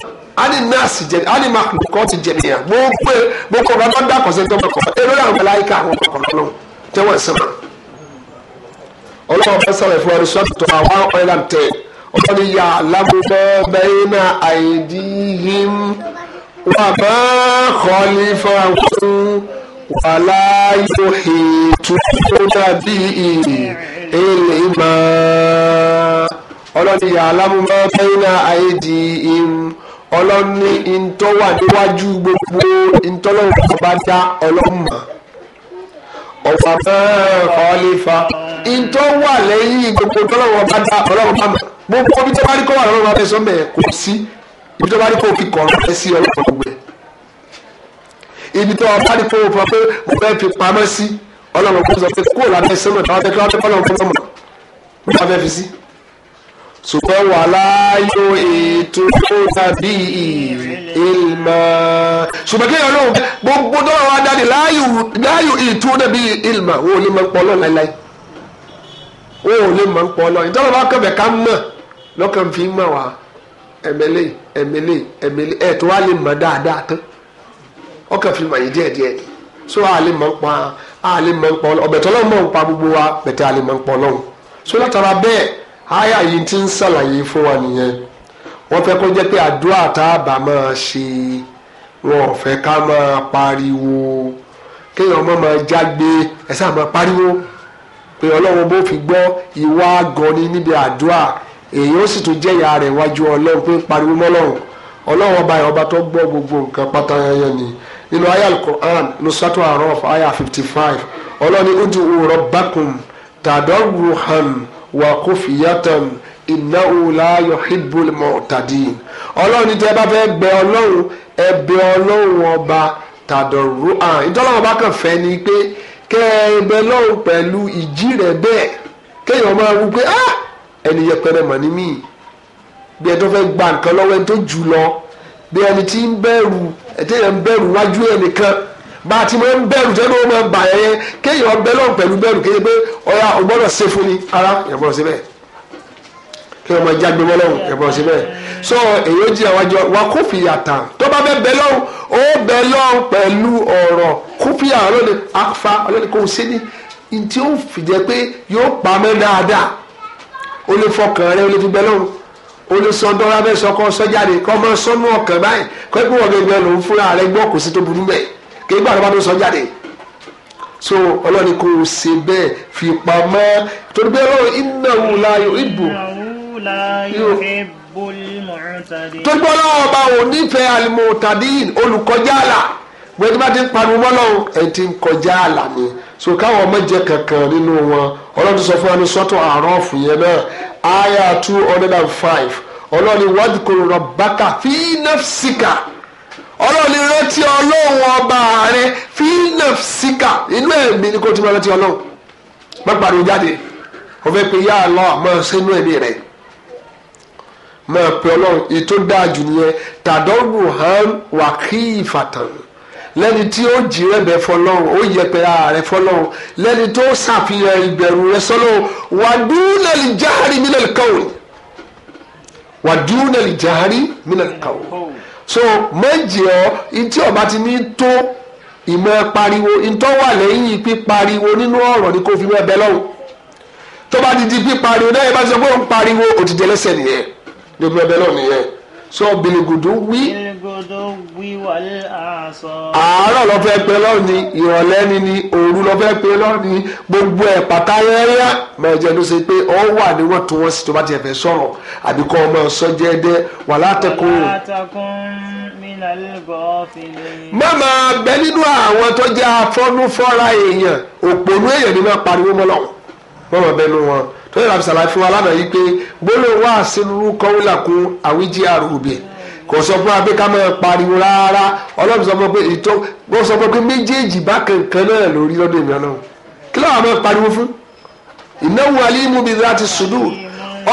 ani nurse jẹ ani makukọ ti jẹ nìyà gbogbo gbogbo ọba bá dàkọ sí ẹjọba kọ ẹ lórí àwọn mẹláìka àwọn kọkọ lọhùn tẹwọn ẹsẹ mọ ọlọ́run bá sọ̀rọ̀ ìfowópamọ́ sọ́tò àwọn ọyọ làm tẹ قد يعلم ما بين أيديهم وما خلفهم ولا يحيطون به علما ọlọ́ni yàlámù ما بين أيديهم im ọlọ́ni ìtọ́ wà níwájú gbogbo ìtọ́lọ́wọ́ bàbá dá ọlọ́mà ọ̀pá máa kọ́ lè fa ìtọ́ wà lẹ́yìn gbogbo ìtọ́lọ́wọ́ bàbá dá ọlọ́mà gbogbo ibi tó bá rí kó wà lọ́rùn abẹ́ sọ́mbẹ̀ kò sí ibi tó bá rí kó fi kọ̀ ọ́ sí ọlọ́run gbẹ ibi tó bá rí kó fọ pé mo fẹ́ fi pamọ́ sí ọlọ́run kó sọ pé kúrò lábẹ́ sọ́mbẹ̀ táwọn fẹ́ kí wọ́n fẹ́ kọ́ lọ́run fún ọmọ fẹ́ fi sí ṣùgbọ́n wà láàyò ètò tàbí ìlmọ̀ ṣùgbọ́n kéèyàn lóhùn gbogbo dọ́rọ̀ wa dáadé láàyò ètò tàbí ìlmọ̀ wọn ò ní mọ̀ ń pọ̀ ọlọ́run lọ́kàn fi ń mọ̀ wá ẹ̀mẹ́lẹ́ ẹ̀mẹ́lẹ́ ẹ̀mẹ́lẹ́ ẹ̀ tó wá lè mọ̀ dáadáa tán ọkàn fi mọ̀ yìí díẹ̀díẹ̀ so a lè mọ̀ ń pa a lè mọ̀ ń pa ọbẹ̀ tó lọ́mọ̀ ń pa gbogbo wa bẹ̀tẹ̀ a lè mọ̀ ń pa ọlọ́run so látara bẹ́ẹ̀ aya yìí ti ń ṣàlàyé fún wa nìyẹn wọ́n fẹ́ kó jẹ́ pé àdúrà tá a bá máa ṣe wọn ò fẹ́ ká máa pariwo kéèyàn ọmọ máa jágbe ẹ̀ máa pariwo pé ọlọ́run bó fi gbọ́ ìwà gan ni níbi àdúrà èyí ó sì tún jẹ́yà rẹ̀ wájú ọlọ́run pé ń pariwo mọ́lọ́run ọlọ́run ọba ìyọba tó gbọ́ gbogbo nǹkan pátá yanyan ni nínú ayé alukur'an nínú sátú àrọ́f ayé fifty five ọlọ́ni ojú òwúrọ̀ bákùn tàdọ́gùhàn wà kó fìyàtàn iná òwúláyọ̀ hibbul mọ̀tàdì ọlọ́ni tẹ́ bá fẹ́ bẹ ọlọ́run ẹ ọlọ́run ọba tàdọ̀rùhàn ìtọ́lọ́run ọba kàn fẹ́ ni pé kẹ́ ẹ bẹ lọ́run pẹ̀lú ìjírẹ̀ bẹ́ẹ̀ kéèyàn máa wú pé ah ẹni yẹpẹrẹ mọ̀ ní mí bí ẹni tó fẹ́ gba nǹkan lọ́wọ́ ẹni tó jù lọ bí ẹni tí ń bẹ̀rù ẹ̀tẹ́yẹ̀ ń bẹ̀rù wájú ẹnìkan bá a ti máa ń bẹ̀rù tẹ́lú ó máa ń bà yẹn kéèyàn bẹ́ lọ́n pẹ̀lú bẹ̀rù kéèyàn pé ọ̀ya ò gbọ́dọ̀ ṣe fún ni ara èèyàn gbọ́dọ̀ ṣe bẹ́ẹ̀ kéèyàn máa jágbe mọ́ lọ́hùn èèyàn gbọ́dọ̀ ṣe bẹ́ẹ̀ so èyí ó jẹ́ àwájọ wa kó fi yàtà tó bá bẹ́ bẹ́ lọ́hùn ó bẹ́ lọ́hùn pẹ̀lú ọ̀rọ̀ kó fi yàrá lónìí afa ọlọ́ni kò sí ni ntí ó fìjẹ́ pé yóò pamẹ́ dáadáa ó lè fọkàn rẹ ó lè fi bẹ lọ́rùn ó lè sọ dọ́ra bẹ́ẹ̀ sọ kọ́ sọ jáde kọ́ mọ sọnù ọkàn báyìí kọ́ ẹgbẹ́ wọn gbẹgbẹ lòun fúnra rẹ gbọ́ kò sí tó burú bẹ́ẹ̀ kí gbà bá tó sọ so ọlọ́ni kò ṣe bẹ́ẹ̀ fi pamọ́ torí bẹ́ẹ̀ lọ́rùn iná wù láyò ìbò torí bọ́lá ọba ò nífẹ̀ẹ́ alimọ̀tàdín olùkọjá àlà gbẹdúmá ti ń pariwo mọ́ lọ́rùn ẹ̀ ti ń kọjá àlà ni so káwọn ọmọ jẹ kankan nínú wọn ọlọ́run sọ fún wa ní sọ́tọ̀ àrọ́ọ̀fù yẹn náà aya two hundred and five ọlọ́run ní wadhkur rabbaka fi nafsika ọlọ́run ní rántí ọlọ́run ọba rẹ fi nafsika inú ẹ̀mí ni kò tí ma rántí ọlọ́run má pariwo jáde o fẹ́ pe ya Allah máa ṣe inú ẹ̀mí rẹ máa pe ọlọ́run ètò dáa jù nìyẹn tàdọ́rù hàn wàkíìfàtàn lẹ́ni tí ó jí rẹ̀bẹ̀ fọlọ́run ó yẹpẹ̀ ààrẹ fọlọ́run lẹ́ni tó ṣàfihàn ìbẹ̀rù rẹ̀ sọ́lọ́run wàdúnẹ̀lì jáhárì mílẹ̀ kàwé wàdúnẹ̀lì jáhárì mílẹ̀ kàwé so méjì ọ ìtí ọba ti ní tó ìmọ̀ pariwo ìtọ́ wà lẹ́yìn pípariwo nínú ọ̀rọ̀ ni kò fi mọ́ ẹbẹ lọ́wọ́ tó bá ti di pípariwo náà ẹ bá ti sọ pé ó ń pariwo òtítẹ́lẹ́sẹ̀ nìyẹn ló fi mọ́ ẹbẹ lọ́wọ́ nìyẹn so biligudu wí àárọ̀ lọ fẹ́ pe lọ́rùn ni ìrọ̀lẹ́ ni ni òru lọ fẹ́ pe lọ́rùn ni gbogbo ẹ̀ pátá yẹ́yẹ́ mẹ̀jẹ̀ ló ṣe pé ọ wà ní wọ́n tó wọ́n sì tó bá tiẹ̀ fẹ́ sọ̀rọ̀ àbí kọ́ ọmọ ọ̀sán jẹ́ dẹ́ wà látẹ̀kùn. má bẹ nínú àwọn tó jẹ́ afọ́núfọ́ra èèyàn òpònú èèyàn ni máa pariwo mọ́ lọ́wọ́ má bẹ nínú wọn tó yẹ kò sọ fún wa pé ká máa pariwo rárá ọlọ́run sọ fún pé ìtọ́ kò sọ fún pé méjèèjì bá kankan náà lórí lọ́dọ̀ èmi ọlọ́run kí ló wà máa pariwo fún ìnáwó alímú bíi láti sùdù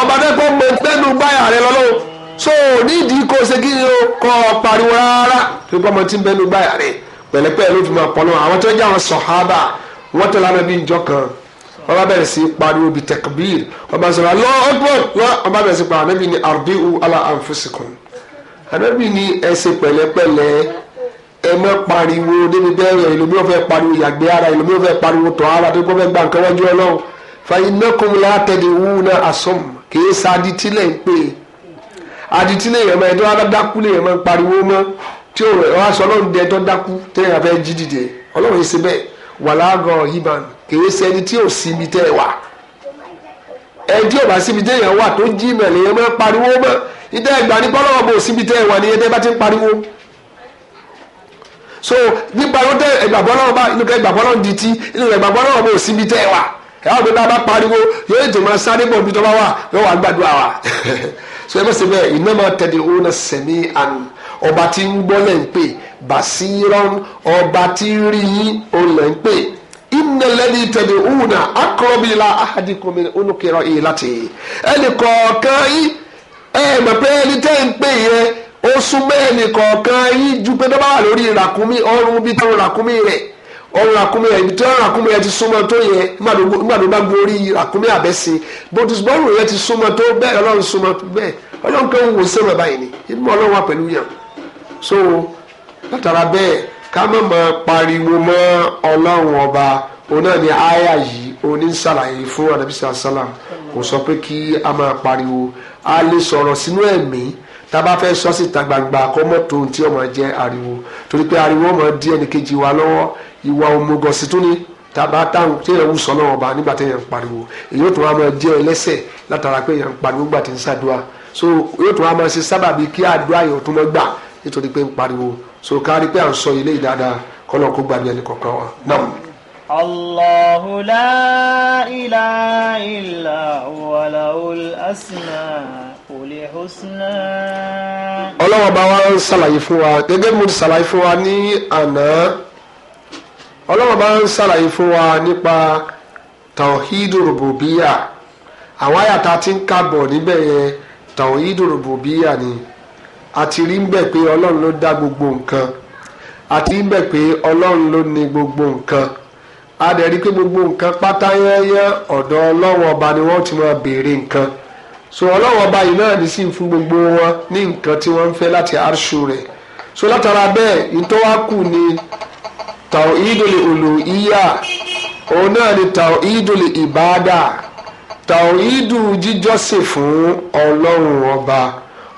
ọba dẹ́pọ̀ mọ gbẹ́nu gbáyà rẹ lọ́lọ́wọ́ so nídìí kó ṣe kí ni o kọ́ pariwo rárá tó gbọ́mọ tí ń bẹ́nu gbáyà rẹ pẹ̀lẹ́pẹ̀ ló fi máa pọ̀ náà àwọn tó jẹ́ àwọn sọ̀hábà wọ́n tẹ̀lé anábì ìjọ kan wọ́n bá bẹ̀rẹ̀ sí pariwo bíi tẹ̀kbír wọ́n sọ̀rọ̀ lọ́ọ́ ọgbọ́n wọ́n bá bẹ̀rẹ̀ sí pariwo anábì ní arbiu ala anfusikum ànábì ni ẹ ṣe pẹ̀lẹ́pẹ̀lẹ́ ẹ má pariwo débi bẹ́ẹ̀rẹ̀ ìlòmí ò fẹ́ pariwo yàgbé ara ìlòmí ò fẹ́ pariwo tọ̀ ara tó gbọ́ fẹ́ gba nǹkan wájú ọlọ́run fàyínàkùn látẹ̀lé wúna àsọm kìí sa adití lẹ̀ ń pè é adití lè yẹn mọ ẹ̀ tó wá dákú lè yẹn mọ pariwo mọ́ tí o rẹ̀ wá sọ ọlọ́run dẹ tó dákú tẹ̀yìn àfẹ́ jí dìde ọlọ́run yìí ṣe bẹ́ẹ̀ wàlágọ̀ yìí bá kìí ṣe ẹni tí ò sí ibi tẹ́ ẹ wà ẹjọ́ bá síbi tẹ́ yẹn wà tó jí mẹ̀lẹ́ yẹn máa pariwo mọ́ ìdá ẹgbàá ní bọ́lọ́wọ́ bò síbi tẹ́ ẹ wà ní ẹdẹ bá ti ń pariwo. so nípa ló tẹ ẹgbàgbọ́ náà bá inú kẹ ẹgbàgbọ́ náà di ti inú kẹ ẹgbàgbọ́ náà bò síbi tẹ́ ẹ wà ẹ wà pé bá a bá pariwo yóò ètò máa sáré bọ̀ bí tọ́ bá wà yóò wà gbàdúrà wa *laughs* so ẹ bá ṣe bẹ́ẹ̀ iná máa tẹ̀lé òun náà sẹ̀mí àná ọba tí ń gbọ́ lẹ́ ń pè bàṣírọ́n ọba tí ń rí yín òun lẹ́ ń pè inna lẹ́ni tẹ̀lé una akọ̀rọ̀bìlà ahadikunmi onukẹ̀rọ̀ yìí láti ẹnì kọ̀ọ̀kan yìí ẹ mọ̀ pé ẹni tẹ́ ń pè yẹn ó súnmọ́ ẹnì kọ̀ọ̀kan yìí ju pé tó bá wà lórí ràkúnmí ọrùn bíi tó ràkúnmí rẹ̀ ọrùn ràkúnmí rẹ̀ ibi tó ràkúnmí rẹ̀ ti súnmọ́ tó yẹ nígbàdó bá gorí ràkúnmí àbẹ́sí bótú bọ́ọ̀rù rẹ̀ ti súnmọ́ tó bẹ́ẹ̀ ọlọ́run súnmọ́ bẹ́ẹ̀ ọlọ́run kan wò sẹ́wọ̀n báyìí ni ìmọ̀ ọlọ́run wà pẹ̀lú yàn so látara bẹ́ẹ̀ ká má máa pariwo mọ́ ọlọ́run ọba òun náà ni àyà yìí oníṣàlàyé fún anabisa salam kò sọ pé kí a máa pariwo a lè sọ̀rọ̀ sínú ẹ̀mí tá a bá fẹ́ sọ síta gbangba kọ́ mọ́tò tí ó máa jẹ́ ariwo torí pé ariwo máa dí ẹnìkejì wa lọ́wọ́ ìwà òmùgọ̀sí tún ni tàbá táwọn téèyàn wù sọlọ ọba nígbà téèyàn ń pariwo èyí ó tún wá máa jẹ ẹlẹ́ṣẹ̀ látara pé èèyàn ń pariwo gbà tí ń ṣàdúrà so yóò tún wá máa ṣe sábàbí kí àdúrà yóò tún máa gbà nítorí pé ń pariwo so kárí pé à ń sọ ilé yìí dáadáa kọ́lọ́ kó gbàgbé ẹni kọ̀ọ̀kan wa náà. الله لا إله إلا هو له ọlọ́wọ́ bá wa ń ṣàlàyé fún wa gẹ́gẹ́ mo ti ṣàlàyé fún wa ní àná ọlọ́wọ́ bá ń ṣàlàyé fún wa nípa tawhidu rububiya àwọn àyàtà ti ń kábọ̀ níbẹ̀ yẹn tawhidu rububiya ni àti rí ń bẹ̀ pé ọlọ́run ló dá gbogbo nǹkan àti ń bẹ̀ pé ọlọ́run ló ní gbogbo nǹkan a dẹ̀ rí pé gbogbo nǹkan pátá yẹ́yẹ́ ọ̀dọ̀ ọlọ́run ọba ni wọ́n ti máa béèrè nǹkan so ọlọ́run ọba yìí náà ní sí fún gbogbo wọn ní nǹkan tí wọ́n ń fẹ́ láti arṣu rẹ̀ so látara bẹ́ẹ̀ ìtọ́wákù ni tawhidul uluhiyya òun náà ni tawhidul ibada tawhidu jíjọ́sìn fún ọlọ́run ọba.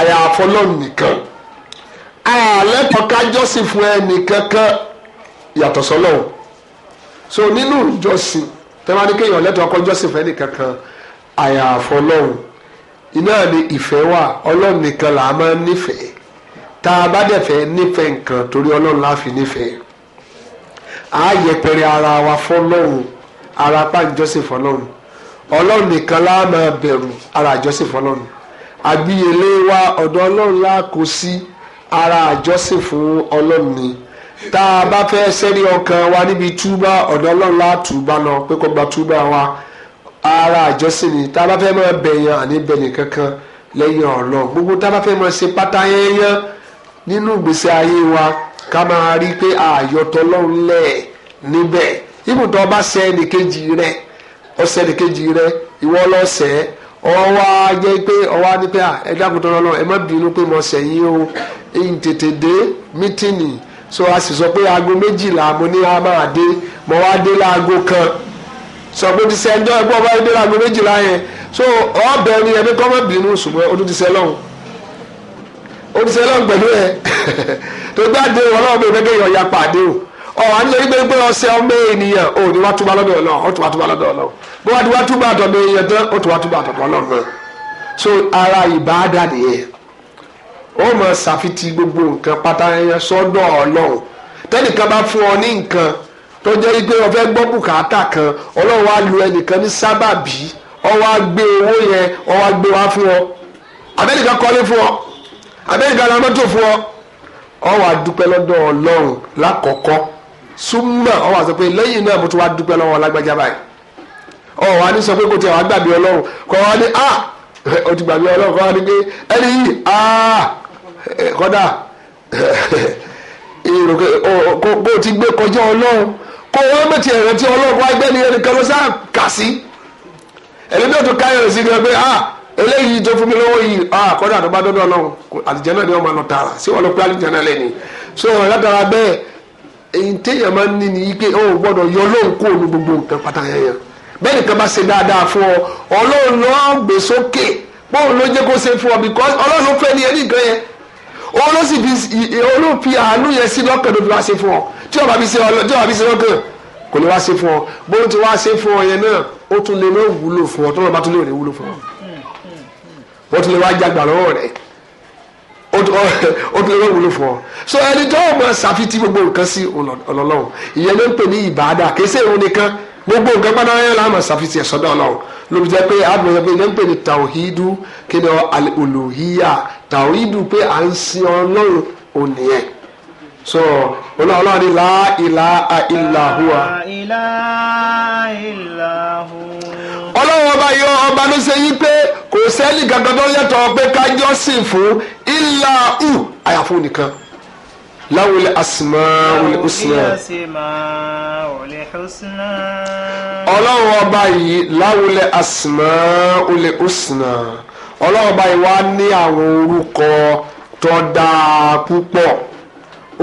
àyàfọ́ lọ́run nìkan àlẹ́ tọ́ka jọ́sìn fún ẹnì kankan yàtọ̀ sọ́lọ́run so nínú ìjọsìn tẹ́wọ́n ní kéèyàn lẹ́tọ̀ọ́ kọ́ jọ́sìn fún ẹnì kankan àyàfọ́ lọ́run iná ni ìfẹ́ wà ọlọ́run nìkan là á máa nífẹ̀ẹ́ tá a bá dẹ̀ fẹ́ nífẹ̀ẹ́ nǹkan torí ọlọ́run la fi nífẹ̀ẹ́ a yẹpẹrẹ ara wa fọlọ́run ara pàǹjọ́sìn fọlọ́run ọlọ́run nìkan la máa bẹ̀rù ara àjọsìn fọlọ́run. àgbìyèlé wa ọ̀dọ̀ ọlọ́run la ara àjọsìn fún ọlọ́run ni tá a bá wa níbi túbá ọ̀dọ̀ ọlọ́run la lọ pé gba wa ara àjọsìn ni tá a bá fẹ́ bẹ̀yàn àní kankan lẹ́yìn ọ̀lọ́ gbogbo tá a bá fẹ́ máa ṣe pátá nínú ayé wa ká máa rí i pé àyọ̀tọ̀ ọlọ́run lẹ̀ níbẹ̀ ibùdó ọba sẹ́ẹ̀nì kejì rẹ̀ kejì rẹ̀ ọwọ́ ajẹ́ pé ọwọ́ á ní pé ẹ dákun tó lọ́nà ẹ má bínú pé mo sẹ̀yìn o ẹ̀yìn tètè dé mítìnì so a sì sọ pé aago méjìlá mo ní a máa dé mo wá dé láago kan sọ pé ti sẹ́ńjọ́ ẹ̀gbọ́n bá dé láago méjìlá yẹn so ọ̀bẹ ni ẹni kọ́ má bínú ṣùgbọ́n o tún ti sẹ́ lọ́hùn o ti sẹ́ lọ́hùn pẹ̀lú ẹ *laughs* tó gbá dé ọlọ́run mi ò fẹ́ kéèyàn ya pàdé o ọ̀hún àti lórí gbẹgbẹ ọsẹ ọmọ ènìyàn ò ní wá túbà lọ́dọ̀ ọlọ́run ó tún wá túbà lọ́dọ̀ ọlọ́run bó wá ti wá túbà àtọ̀dọ̀ èèyàn tán ó tún wá túbà àtọ̀dọ̀ ọlọ́run náà so ara ìbáadà nìyẹn ó mọ ṣàfitì gbogbo nǹkan pátá yẹn sọ́dọ̀ ọlọ́run tẹ́nìkan bá fún ọ ní nǹkan tó jẹ́ pé o fẹ́ gbọ́ bùkátà kan ọlọ́run wá lu ẹnìkan ní sábàbí ó wá gbé owó yẹn ó wá gbé wá fún ọ abẹ́nìkan kọ́lé fún ọ abẹ́nìkan ra mọ́tò fún ọ ó wá dúpẹ́ lọ́dọ̀ ọlọ́run lákọ̀ọ́kọ́ súnmọ́ ọ wà sọ pé lẹ́yìn náà mo tún wá dúpẹ́ lọ́wọ́ lágbájá báyìí ọ wà ní sọ pé kò tiẹ̀ wá gbàgbé ọlọ́run kọ́ wá ní a ah! *laughs* ó ti gbàgbé ọlọ́run kọ́ wá ní pé ẹni yìí a kọ́dà èrò kó o ti gbé kọjá ọlọ́run kó o wá mẹ́tì ẹ̀rọ tí ọlọ́run wá gbẹ́ni ẹni kan ló sáà kà sí ẹni náà tó káyọ̀ sí ni wọ́n pé a ah! eléyìí tó fún mi lọ́wọ́ yìí ah kọ́dà tó bá dọ́dọ̀ ọlọ́run àtijọ́ náà ni wọ́n máa lọ tààrà sí wọn lọ pé àlùjọ náà lẹ́ni so ọ̀rọ̀ látara bẹ́ẹ̀ èyí téèyàn máa ń ní ni yíké ó gbọ́dọ̀ yọ lóhùn kó nu gbogbo nǹkan pátá yẹn yẹn bẹ́ẹ̀ nìkan bá ṣe dáadáa fún ọ ọlọ́run ló gbé sókè bóun ló jẹ́ kó ṣe fún ọ because ọlọ́run ló fẹ́ ní ẹni nǹkan yẹn òun ló sì fi òun fi àánú yẹn sí lọ́kàn ló fi wá ṣe fún ọ tí ọba fi ṣe tí ọba fi ṣe lọ́kàn kò ní wá ṣe fún ọ bóun ti wá ṣe fún ọ yẹn náà ó tún lè má wúlò fún ọ tó lọ́ba tún lè wúlò fún ọ wọ́n tún lè wá jagbà lọ́wọ́ rẹ̀ ó tún lọ́wọ́ so ẹni tó o máa gbogbo nǹkan sí ọlọ́lọ́wọ́ ìyẹn ló ń pè ní ìbáadà kì í nìkan gbogbo nǹkan padà yẹn la máa ṣàfitì ẹ̀ sọ́dọ̀ lóbi jẹ́ pé àbúrò pé ìyẹn ń pè ní tàwíìdù kí olùhíyà tàwíìdù pé à ń sin ọlọ́run ònìyẹn so ọlọ́run ni láìláà ìlàhùwà. láìláà ìlàhùwà. ọlọ́run ọba yọ ọba ló ṣe yín pé kò sẹ́ni gangan tó lẹ́tọ̀ọ́ pé fún ù àyàfó nìkan ọlọ́run ọba yìí ọlọ́run ọba yìí wá ní àwọn orúkọ tó dáa púpọ̀ ó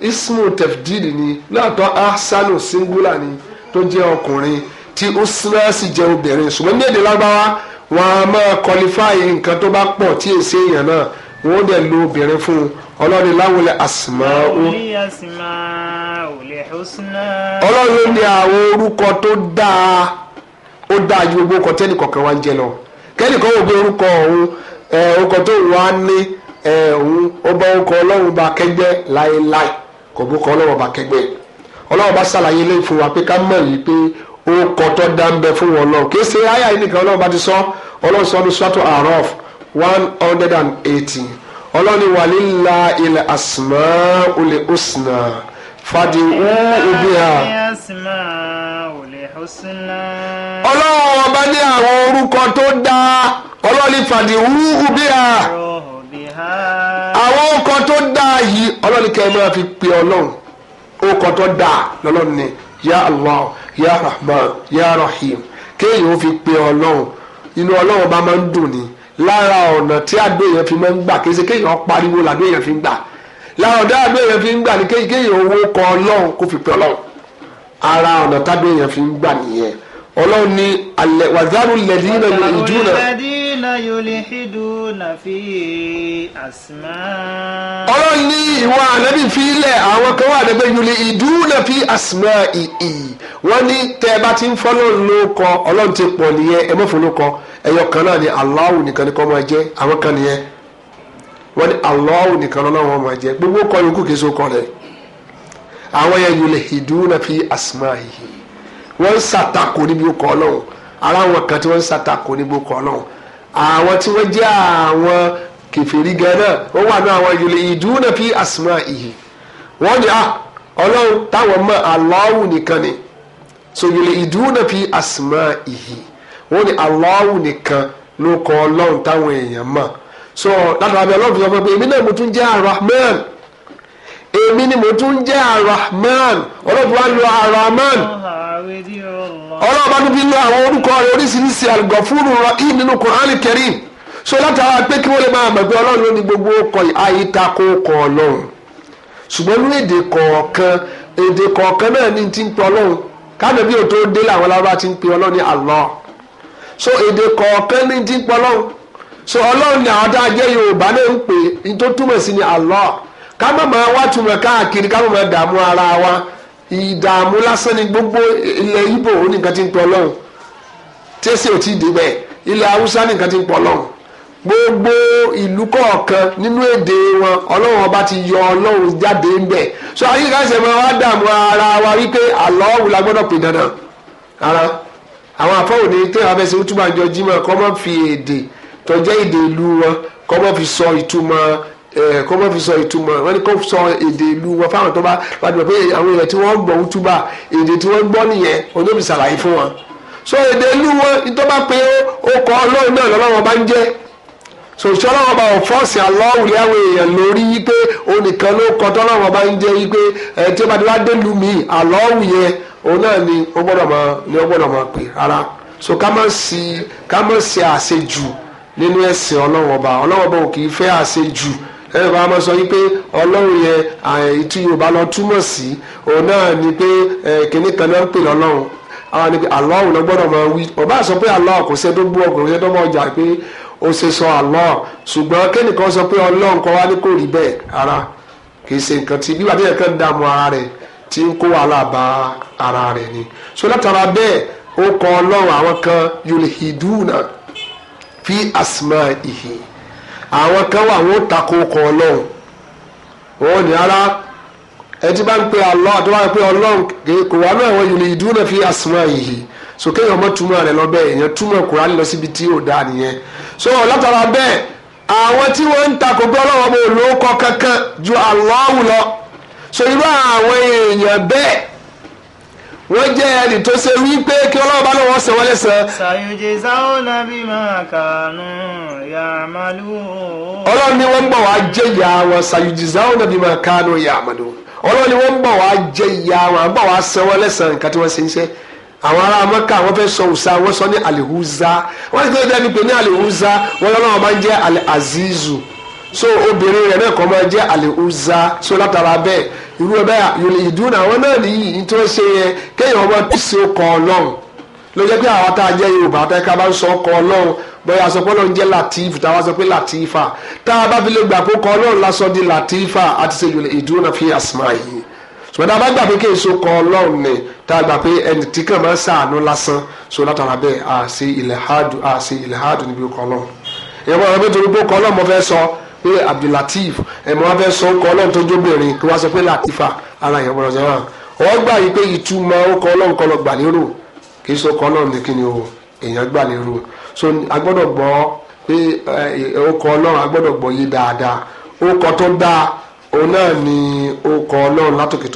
ismu tefdili ni lóòótọ́ ahsanu singular ni tó jẹ́ ọkùnrin tí usna sì jẹ́ obìnrin ṣùgbọ́n ní èdè lágbáwá wọn a máa kọlifáyé nǹkan tó bá pọ̀ tí èsì èèyàn náà wọn lo obìnrin fún un ọlọ́run asima. asma'u. ọlọ́run ní àwọn orúkọ tó dáa ó dáa ju gbogbo ọkọ tẹ́nì kọ̀ọ̀kan wá ń jẹ lọ wò orúkọ òun orúkọ tó wà ní òun ó bá orúkọ bá láéláé. kò bó ọlọ́wọ́ bá kẹgbẹ́ ọlọ́wọ́ bá ṣàlàyé lẹ́yìn fún wa pé ká mọ̀ yìí pé ó kọ tó dá ń bẹ fún wọn lọ kì ṣe àyà nìkan ọlọ́wọ́ bá ti sọ ọlọ́wọ́ sọ ní sọ́tò àrọ́f one hundred and eighty ọlọ́ni wàlílà ilẹ̀ àsìmọ́ olè òsìnà fàdí wú ibi hà. ọlọ́wọ́ ọba ní àwọn orúkọ tó dáa ọlọ́ni fàdí wú ibi hà àwọn ọkọ̀ tó dáa yìí ọlọ́run kẹ́ ẹ máa fi pe ọlọ́run ọkọ̀ tó dáa lọ́lọ́run ni ya allah ya rahman ya rahim kéèyàn ó fi pe ọlọ́run inú ọlọ́run bá máa ń dùn ni lára ọ̀nà tí àdó èèyàn fi máa ń gbà kì í ṣe kéèyàn pariwo làdó èèyàn fi ń gbà lára ọ̀dá àdó èèyàn fi ń gbà ni kéèyàn owó kọ ọlọ́run kó fi pe ọlọ́run ara ọ̀nà tádó èèyàn fi ń gbà nìyẹn ọlọ́run ní alẹ́ wàzárù lẹ́dí náà yóò lè dúró náà. ọlọ́run ní ìwà ànábì fílẹ̀ àwọn kan wà lẹ́gbẹ̀ẹ́ yóò lè ìdúró fi àsìmọ́ ìhì wọ́n ní tẹ́ ẹ bá ti ń fọ́lọ́ lóko ọlọ́run ti pọ̀ nìyẹn ẹ mọ̀fọ́ lóko ẹyọ kan náà ni Allahu nìkan ni kọ́ máa jẹ́ àwọn kan nìyẹn wọ́n ní Allahu nìkan lọ́wọ́ máa jẹ́ gbogbo kọ́ yòókù kì so kọ́ rẹ̀ àwọn yẹn yóò lè ìdúró fi àsìmọ́ ìhì wọ́n ń ṣàtakò níbi okọ Ọlọ́run ara àwọn kan tí wọ́n ń ṣàtakò níbi okọ Ọlọ́run àwọn tí wọ́n jẹ́ àwọn kẹfìrí gan náà wọ́n wà ní àwọn ìyọlẹ ìdúnà fi àsìmọ ìhì wọ́n ní à ah, Ọlọ́run táwọn mọ̀ àlọwù nìkan ni so ìyọlẹ ìdúnà fi àsìmọ ìhì wọ́n ní àlọwù nìkan ló kọ Ọlọ́run táwọn èèyàn mọ̀ so látàbí Ọlọ́run fi sọ fún mi èmi náà mo tún jẹ́ Ar-Rahman èmi ni mo tún jẹ́ arahman ọlọ́run wa lo arahman ọlọ́run bá níbi lo àwọn orúkọ rẹ̀ oríṣiríṣi algọfúrú rahim nínú Qur'an Karim so látara pé kí wọ́n lè máa mọ̀ pé ọlọ́run ló ní gbogbo ọkọ̀ àyítakò ọkọ̀ ọlọ́run ṣùgbọ́n ní èdè kọ̀ọ̀kan èdè kọ̀ọ̀kan náà ní ti ń pe ọlọ́run káàdé bí o dé làwọn alábá ti ń pe ọlọ́run ní Allah so èdè kọ̀ọ̀kan ní ti ń pe ọlọ́run so ọlọ́run ní àwọn tá a jẹ́ Yorùbá náà ń pè ní tó túmọ̀ sí ní Allah ká má máa wá túmọ̀ káàkiri ká má máa dààmú ara wa ìdààmú lásán ni gbogbo ilẹ̀ Ìgbò ó nìkan ti ń pọ̀ lọ́hùn tẹ́sí ò tí ì débẹ̀ ilẹ̀ Haúsá nìkan ti ń pọ̀ lọ́hùn gbogbo ìlú kọ̀ọ̀kan nínú èdè wọn ọlọ́run ọba ti yọ ọlọ́run jáde ń bẹ̀ so ayíkàṣẹ́ máa wá dààmú ara wa wípé àlọ́ọ̀wù la gbọ́dọ̀ pè dandan ara àwọn àfọwò ní tẹ́wọ́ abẹ́sẹ̀ túmọ̀ àjọ jimá kọ́ mọ́ fi èdè tọ́jẹ́ èdè ìlú wọn kọ́ mọ́ fi sọ ìtumọ̀ Eh, kọ́ mọ́ fi sọ ìtumọ̀ wọ́n ní kó sọ èdè ìlú wọn fáwọn tó bá wà dùn pé àwọn èèyàn tí wọ́n gbọ́ wútúbà èdè tí wọ́n gbọ́ nìyẹn olóòbí ṣàlàyé fún wọn. so èdè ìlú wọn ìtọ́ bá pé ó kọ́ ọlọ́run náà lọ́lọ́run ọba ń jẹ́ so sọlọ́wọ́ bá wọ́n fọ́ọ̀sì aláwùlé àwọn èèyàn lórí wípé onìkan ló kọ́ tọ́lọ́wọ́ bá ń jẹ́ wípé ẹ̀ tí ó bá ti wá dé lu mi aláwù yẹn òun náà ni ó gbọ́dọ̀ máa ni ó gbọ́dọ̀ máa pè rárá so ká má sí ká má sí àṣejù nínú ẹ̀sìn ọlọ́wọ́ ẹ̀rọ bá máa sọ yìí pé ọlọ́run yẹn tí yorùbá lọ túmọ̀ sí òun náà ni pé kìnìún kan náà ń pè lọ́lọ́run àwọn ni pé Allah ló gbọ́dọ̀ máa wí ọba sọ pé Allah kò sẹ́ tó gbọ́ ọkùnrin sẹ́ tó mọ̀ ọjà pé ó ṣe sọ Allah ṣùgbọ́n kẹ́nìkan sọ pé ọlọ́run kan wá ní kò rí bẹ́ẹ̀ ara kì í ṣe nǹkan tí bíbá bíyẹn kan dààmú ara rẹ̀ tí ń kó wàhálà bá ara rẹ̀ ni so látara bẹ́ẹ̀ ó kọ ọlọ́run àwọn kan yulhiduna fi asma'ihi àwọn kan wà wọn ó takò kọ ọlọ́run òun ní ara ẹtí bá ń pe Allah àti bá ń pe ọlọ́run kò wá náà wọ́n yìí ìdúró fi àsùnmọ́ yìí so kéèyàn ọmọ túmọ̀ rẹ̀ lọ́bẹ̀ èèyàn túmọ̀ Kùránì lọ síbi tí ò dáa nìyẹn so látara bẹ́ẹ̀ àwọn tí wọ́n ń takò pé ọlọ́run ọmọ òun ló kọ kankan ju Allah lọ so irú àwọn èèyàn bẹ́ẹ̀ wọ́n jẹ́ ẹni tó ṣe wí pé kí ọlọ́run bá lọ́wọ́ ṣe wọ́n lẹ́sàn. ṣàyòjì sáwọ́nà bí máa kànú yàmàlú. ọlọ́run ni wọ́n ń bọ̀ wá jẹ́ ìyá wọn ṣàyòjì sáwọ́nà bí máa kànú yàmàlú. ọlọ́run ni wọ́n ń bọ̀ wá jẹ́ ìyá wọn àbọ̀ wá ṣe wọ́n lẹ́sàn nǹkan tí wọ́n ṣe ń ṣe. àwọn ará mọ́kà wọ́n fẹ́ sọ òòṣà wọ́n sọ ní àlèhùzá wọ́n ti tẹ́lẹ̀ ní pé ní àlèhùzá wọ́n lọ́wọ́ máa ń jẹ́ àlè àzízù so obìnrin rẹ̀ náà kọ́ máa jẹ́ àlèhùzá so látara bẹ́ẹ̀ irú ẹ bẹ́ẹ̀ yòlè ìdúnà àwọn náà nìyí ní tó ṣe yẹn kéèyàn ọmọ pèsè ọkọ̀ ọlọ́run ló jẹ́ pé àwọn tá a jẹ́ yorùbá tá a bá ń sọ ọkọ̀ ọlọ́run bóyá sọ pé ọlọ́run jẹ́ latif tá a wá sọ pé latifa tá a bá fi lè gbà pé ọkọ̀ ọlọ́run la di latifa àti ṣe yòlè ìdúnà fi àsìmá yìí ṣùgbọ́n a bá gbà pé kí èso kan ọlọ́run ni tá a gbà pé ẹni tí kàn máa ń sàánú lásán so látara bẹ́ẹ̀ à ṣe ilẹ̀ hádùn à ṣe ilẹ̀ hádùn níbi ọkọ̀ pé abdulateef ẹ̀mọ́ wa fẹ́ sọ ọkọ̀ ọlọ́run tó jóbìnrin kí sọ pé latifa ara yẹn gbọ́dọ̀ jẹ́wọ́n gbà yí pé ìtumọ ọkọ̀ ọlọ́run kọ́ gbà kì í o èèyàn gbà lérò so agbọdọ gbọ́dọ̀ pé ọkọ̀ ọlọ́run a dáadáa ni látòkè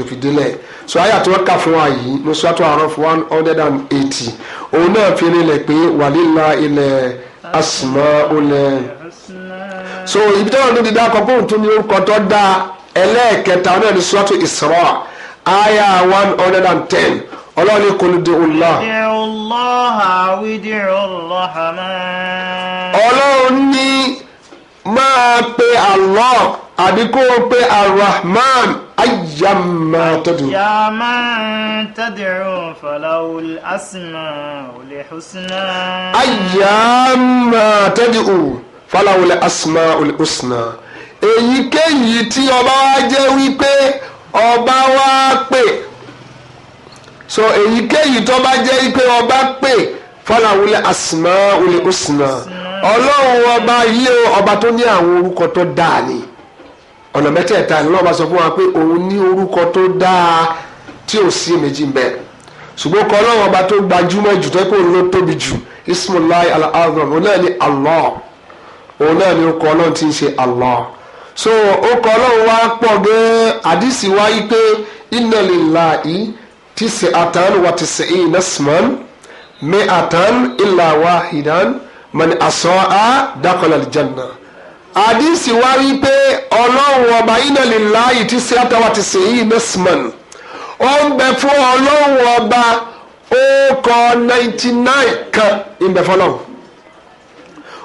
so àyà kà fún wa yìí one hundred and eighty òun náà fi pé so ibi tí wọn tún ti dá kọ pé òun tún ní orúkọ tó dá ẹlẹ́ẹ̀kẹta náà ní sọ́tò ìsra aya one hundred and ten ọlọ́ọ̀ni kò ní di ọlá. ọlọ́run ní máa pe Allah àbí kó o pe arahman ayyamma tad'u. ayyamma tad'u falawul asma'ul husna. ayyamma tad'u falawulẹ̀ asma olùsùnà èyíkéyìí tí ọba wa jẹ́ wípé ọba wa pè so èyíkéyìí tó bá jẹ́ wípé ọba pè falawulẹ̀ asma olùsùnà ọlọ́run ọba ilé ọba tó ní àwọn orúkọ tó dáa ni ọ̀nà mẹ́tẹ̀ẹ̀ta ni lọ́ba sọ fún wa pé òun ní orúkọ tó dáa tí ò sí méjì bẹ́ẹ̀ ṣùgbọ́n kọ́ ọlọ́run ọba tó gbajúmọ̀ jù tó pé ló tóbi jù ismullahi al-azam òun ni Allah òun náà ni orúkọ ọlọ́run ti ń ṣe Allah so orúkọ ọlọ́run wa pọ̀ gẹ́ẹ́ àdìsí wa yí pé inna lillahi tìsí àtàn wà tìsí ìyìn nasman mi àtàn illa wahidan mani asọ́ a dakhala aljanna àdìsí wa yí pé ọlọ́run ọba inna lillahi tìsí àtàn wà tìsí ìyìn nasman ó ń bẹ fún ọlọ́run ọba ó kọ kan ń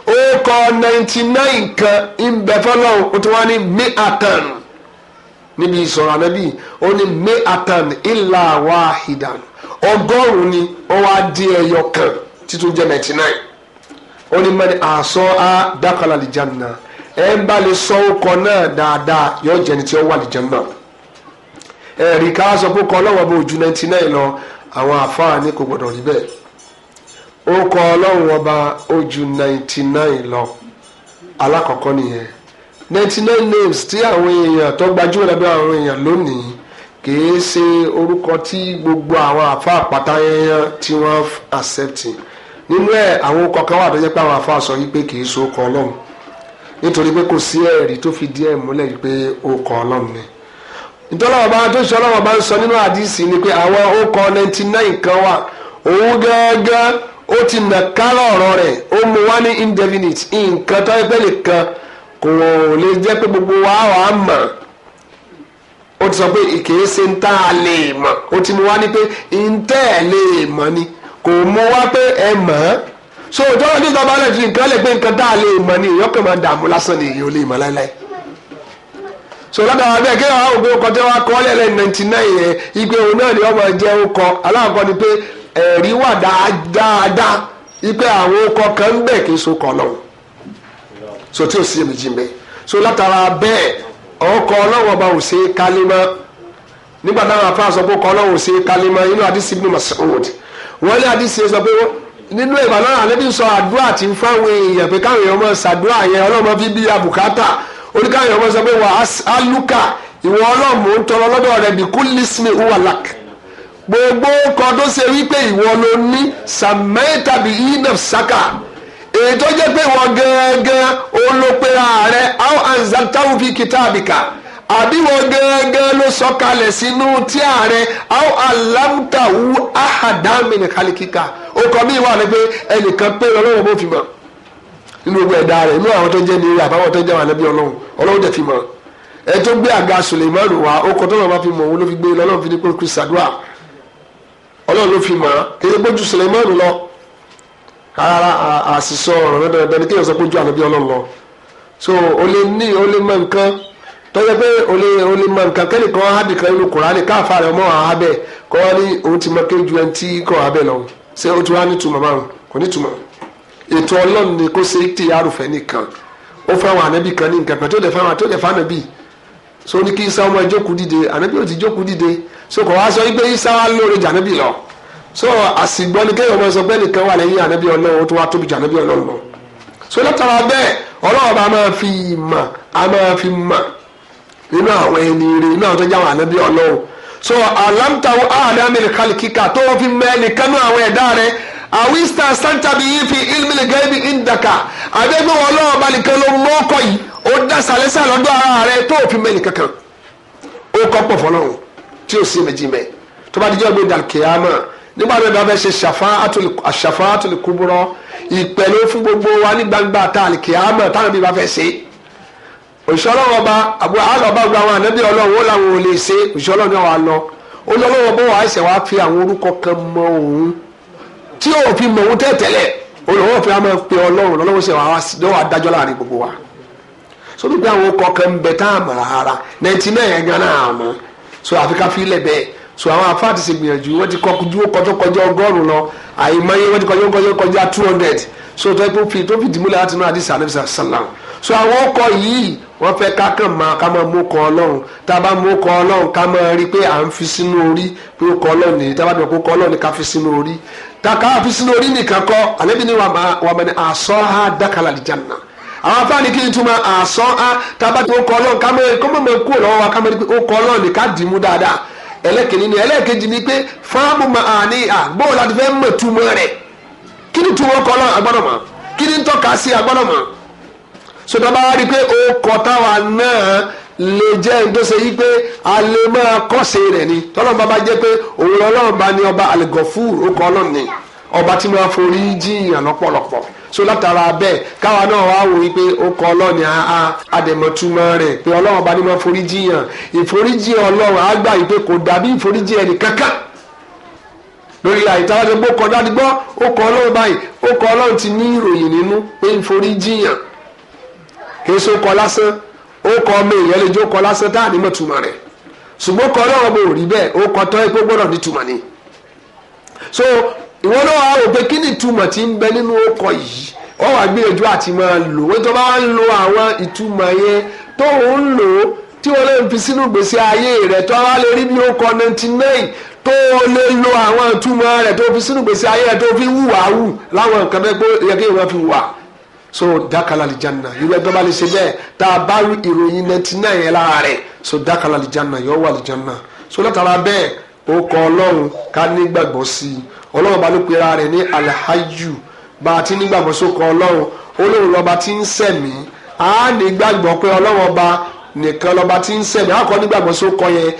ókọ 99 kan ìbẹ fọlọ́n o tí wọ́n ní mi atan níbi ìsọ̀rọ̀ ànábì ó ní mi atan ìlà wàhídàn ọgọ́rùn-ún ni ó wá di ẹyọ kan títún jẹ́ ninety nine ó ní mẹ́rin àṣọ á dákàlà lìjànà ẹ̀ ń bá lè sọ ókọ náà dáadáa yóò ni tí ó wà ẹ̀rí ká sọ pé kọ́ ọlọ́wọ́ bó ju 99 lọ àwọn àfáà ní kò gbọ́dọ̀ rí ó kọ ọlọ́run ọba ó ju lọ alakọkọ nìyẹn 99 names tí àwọn èèyàn tó gbajúmọ̀ lábẹ́ àwọn èèyàn lónìí kìí ṣe orúkọ tí gbogbo àwọn àfa àpáta yẹn tí wọ́n accepti nínú ẹ̀ àwọn kan wà tó jẹ́ pé àwọn àfa sọ wípé kìí ṣe ọlọ́run nítorí pé kò sí ẹ̀rí tó fi ni ọba tó ṣe ń sọ nínú àdìsí ni pé àwọn ó ti nà kárọ̀ ọ̀rọ̀ rẹ̀ ó mu wá ní indefinite nǹkan tó ẹgbẹ́ nìkan kò lè jẹ́ pé gbogbo wa wà á mọ̀ ó ti sọ pé ìkèé ń tá a lè mọ̀ ó ti mu wá ní pé ń tẹ́ ẹ̀ lè mọ̀ ni kò mu wá pé ẹ mọ̀ ọ́ so ìjọba ní ìjọba lè fi nǹkan lè gbé nǹkan tá a lè mọ̀ ni èèyàn kàn máa dààmú lásán ni èèyàn ò lè mọ̀ láéláé so ládàá bẹ́ẹ̀ kí àwọn ògbó kọjá wa kọ́ lẹ́lẹ́ ninety nine yẹn ìgbé òun náà ni wọ́n máa jẹ́ ó kọ aláàkọ́ ni pé ẹ̀rí wà dáadáa ipe àwọn okọ kan ń bẹ̀ kí n so kọ̀ lọ́wọ́ so tí o sì èmi jí mẹ́ so látara bẹ́ẹ̀ ọkọ ọlọ́wọ́ ọba ò ṣe é kálí mọ́ nígbà táwọn afáà sọ pé ọkọ ọlọ́wọ́ ò ṣe é kálí mọ́ inú àdìsí Ibn Mas'ud wọ́n ní àdìsí sọ pé nínú ìbànújẹ́ àlẹ́bí sọ àdúrà tí fáwọn èèyàn pé káwọn èèyàn mọ̀ ṣàdúrà yẹn ọlọ́mọ fi bí abùkátà oníkàwọn èèyàn mọ̀ sọ pé wà á lùkà ìwọ ọlọ́mọ ń tọrọ lọ́dọ̀ rẹ̀ bí kúlísìmì wà lákì gbogbo kan tó ṣe wípé ìwọ ló ní sàmẹ́tàbí inaf saka èyí tó jẹ́ pé ìwọ gẹ́gẹ́ olópera rẹ how anzaltahu fi kitabika àbí ìwọ gẹ́gẹ́ ló sọ kalẹ̀ sínú tí ààrẹ how alamtahu ahadamin kalikika okọ̀ mi wà lẹ́gbẹ́ ẹnìkan pé ọlọ́run bó fi mọ̀ nínú gbogbo ẹ̀dá rẹ̀ inú àwọn tó jẹ́ ní àbáwọ̀ tó jẹ́ wà lẹ́bí ọlọ́run ọlọ́run tẹ̀ fi mọ̀ ẹ tó gbé àga Suleiman wá okọ̀ tó lọ́ọ́ bá fi mọ̀ òun ló fi gbé lọ́lọ́run fi ní kó kú sàdúrà ọlọ́run ló fi mọ̀ á kéde gbójú Suleiman lọ rárá àṣìṣọ ọ̀rọ̀ dandan ni kéèyàn sọ gbójú ànábì ọlọ́run lọ so o lè ní o lè mọ nǹkan tọ́jà pé o lè o lè mọ nǹkan kẹ́nìkan ábì kan nínú Kùránì káàfà rẹ̀ mọ́ àá bẹ̀ kọ́ wá ní òun ti mọ kéjú ẹni tí kọ́ àá bẹ̀ lọ ṣé o ti wá nítumọ̀ márùn kò nítumọ̀ ètò ọlọ́run ni kó ṣe tí arúfẹ́ nìkan ó fáwọn ànábì kan ní nǹkan kan tó lè fáwọn tó lè fáwọn ànábì so ní kí sáwọn ọmọ ìjókòó dìde ànábì ò ti jókòó dìde so kò wá sọ wípé isa wa lóore jànábì lọ so àsìgbọ́n ni kéèyàn máa sọ pé nìkan wà lẹ́yìn ànábì ọlọ́run ó tún wá tóbi jànábì ọlọ́run lọ so látara bẹ́ẹ̀ ọlọ́run bá máa fi mà á máa fi mà nínú àwọn ẹni rè nínú àwọn tó jáwọ́ ànábì ọlọ́run so alamtawo ahadamil kalikika tó fi mẹ́ẹ̀lì kánú àwọn ẹ̀dá rẹ̀ àwísítà santa bí yìí fi ilmìlì gẹ́bí ìdàkà àdégbò ọlọ́run bá nìkan ló mọ́kọ yìí ó dá sàlẹ́sà lọ́dọ̀ ara tí o sì méjì mẹ tó bá dijọ́ gbé dàkíyàmà nígbà tó bá fẹ́ ṣe ṣàfà àtòlì kúburọ́ ìpẹ̀lú fún gbogbo wa ní gbangba tá àlìkíyàmà táwọn bí bá fẹ́ ṣe òṣìṣẹ́ ọlọ́wọ́ bá àbúrò àlọ́bá gba àwọn ànábì ọlọ́wọ́ làwọn ò lè ṣe òṣìṣẹ́ ọlọ́wọ́ wa lọ ó lọ lọ́wọ́ bó wàá ṣẹ̀ wá fi àwọn orúkọ kan mọ òun tí yóò fi mọ òun tẹ́tẹ́lẹ̀ olùwọ́ fi máa pe ọlọ́run lọ́wọ́ ṣẹ̀ wá lọ́wọ́ adájọ́ láàrin gbogbo wa sódù pé àwọn ọkọ̀ kan bẹ tá àmọ̀ rárá nàìjíríà yẹn gan náà àmọ́ so àfi ká fi ilẹ̀ bẹ́ẹ̀ so àwọn àfáà ti ṣe gbìyànjú wọ́n ti kọjú kọjọ́ kọjọ́ ọgọ́rùn-ún lọ àìmọye wọ́n ti kọjọ́ kọjọ́ kọjá two hundred so tó tó fi tó fi dìmúlẹ̀ láti náà àdìsí àlẹ́ sàlám so àwọn ọkọ̀ yìí wọ́n fẹ́ ká kàn máa ká máa mú kọ ọlọ́run tá a bá mú kọ ọlọ́run ká máa rí i pé à ń fi sínú orí pé ó kọ ọlọ́run nìyí tá a bá bẹ̀rẹ̀ kó kọ ọlọ́run ká fi sínú orí tá a ká fi sínú orí nìkan kọ́ àlẹ́bí ni wàá mọ̀ ní àsọ́há dákàlà àlìjánnà àwọn afáàní kí n túmọ̀ àsán á tábà tó kọ́ ọlọ́run ká mẹ́rin kó mọ̀mọ́ kúrò lọ́wọ́ wa ká mẹ́rin ó kọ́ ọlọ́run ní ká dì í mú dáadáa ẹlẹ́kìnní ni ẹlẹ́kejì ni pé fáàmù mà á ní à bóun láti fẹ́ mọ̀ túmọ̀ rẹ̀ kí ni túmọ̀ kọ́ ọlọ́run agbọ́dọ̀ mọ̀ kí ni tọ́ka sí agbọ́dọ̀ mọ̀ sọdọ́ba wá rí i pé ó kọ́ táwa náà lè jẹ́ ìdóse yìí pé a lè máa kọ́sẹ̀ rẹ̀ ni tọ́lọ́mọba bá jẹ́ pé òun ọlọ́run bá ní ọba àlẹ́gọ̀fù ó kọ́ ọlọ́run ni so látara bẹ́ẹ̀ káwa náà wá wò wípé ó kọ ọlọ́ọ̀ni àdèmọ̀túmọ̀ rẹ̀ pé ọlọ́run ọba ní ma foríjì yàn ìforíjì ọlọ́run á gbà wípé kò dàbí ìforíjì ẹnì kankan lórí àìtara tó gbó kọjá dígbọ́ ó kọ ọlọ́run báyìí ó kọ ọlọ́run ti ní ìròyìn nínú pé ìforíjì yàn èso kọ lásán ó kọ ọmọ èèyàn lè jó kọ lásán tá àdèmọ̀túmọ̀ rẹ̀ ṣùgbọ́n kọ ọlọ́run ọba ò rí bẹ́ẹ̀ ó kọ tán ẹ pé gbọ́dọ̀ nítumọ̀ ìwọ náà wà rò pé kí ni ìtumọ̀ tí ń bẹ nínú ọkọ̀ yìí wọ́n wá gbìyànjú àti máa lò wọ́n tó bá ń lo àwọn ìtumọ̀ yẹn tó ń lò ó tí wọ́n lè fi sínú gbèsè ayé rẹ̀ tó wá lè rí bí ọkọ̀ ninety nine tó lè lo àwọn ìtumọ̀ rẹ̀ tó fi sínú gbèsè ayé rẹ̀ tó fi wùwà wù láwọn nǹkan bẹ́ẹ̀ pé yẹ kí ìwọ́n fi wà so dákàlà àlìjáná irú ẹgbẹ́ bá lè ṣe bẹ́ẹ̀ tá a bá rí ìròyìn ninety nine yẹn lára rẹ̀ so dákàlà àlìjáná yọ wà àlìjáná so látara bẹ́ẹ̀ orúkọ ọlọ́run ká nígbàgbọ́ sí i ọlọ́run bá ló pe ara rẹ̀ ní alhayu bá a ti nígbàgbọ́ sókọ ọlọ́run olóhùn lọ́ba ti ń sẹ̀mí a nígbàgbọ́ pé ọlọ́run ọba nìkan lọ́ba ti ń sẹ̀mí a kọ́ nígbàgbọ́ sókọ yẹn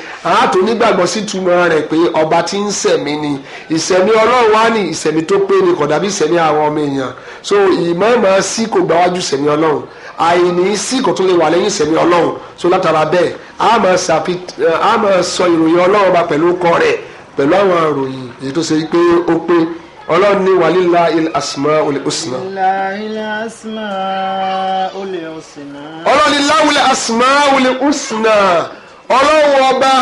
a tó nígbàgbọ́ sí túmọ̀ rẹ̀ pé ọba ti ń sẹ̀mí ni ìsẹ̀mí ọlọ́run wá ní ìsẹ̀mí tó pé ni kò dàbí ìsẹ̀mí àwọn ọmọ èèyàn so ìmọ̀ ìmọ̀ sí kò gbáwájú ìsẹ̀mí ọlọ́run àìní sí kò tún lè wà lẹ́yìn ìsẹ̀mí ọlọ́run so látara bẹ́ẹ̀ a máa sọ ìròyìn ọlọ́run bá pẹ̀lú kọ rẹ̀ pẹ̀lú àwọn ìròyìn èyí tó ṣe pé ó pé ọlọ́run ní wà lílá il asma olè osùnà. ọlọ́run ní láwùlẹ̀ asma olè osùnà ọlọ́run ọba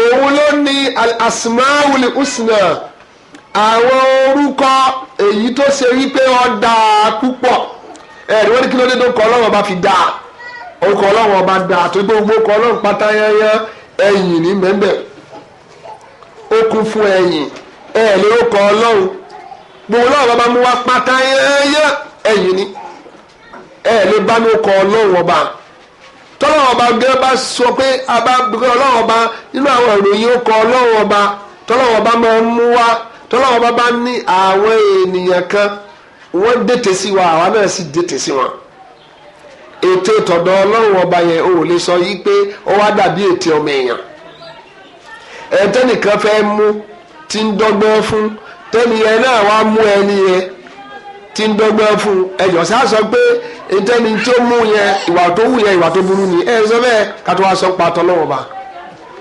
òun ló ní al olè osùnà àwọn orúkọ èyí tó ṣe wípé ó púpọ̀. ẹ̀rí wọ́n ní kí ló dé tó kọ́ ọlọ́run ọba fi dáa orúkọ ọlọ́run ọba dáa tó gbé gbogbo kọ́ ọlọ́run pátá ẹ̀yìn ní mẹ́mbẹ́ ó kún fún ẹ̀yìn ó kọ́ ọlọ́run gbogbo ọlọ́run ọba mú wá pátá ẹ̀yìn ní bá sọ pé abá ọlọ́run ọba nínú àwọn ìròyìn ó kọ́ ọlọ́run ọba tọ́lọ́run ọba máa mú wọ́n dètè sí wa àwa náà sì dètè sí wọn ètò tọ̀dọ̀ ọlọ́run ọba yẹn ò lè sọ yí pé ó wá dàbí ètè ọmọ èèyàn ẹ̀ẹ́dẹ́nìkan fẹ́ mú ti ń dọ́gbọ́n fún tẹ́ni yẹn náà wá mú ẹni yẹn ti ń dọ́gbọ́n fún ẹ̀yọ̀ sá sọ pé ẹ̀ẹ́dẹ́ni tó mú yẹn ìwà tó wù yẹn ìwà tó burú ni ẹ̀ sọ bẹ́ẹ̀ ká tó wá sọ pa tọ́lọ́run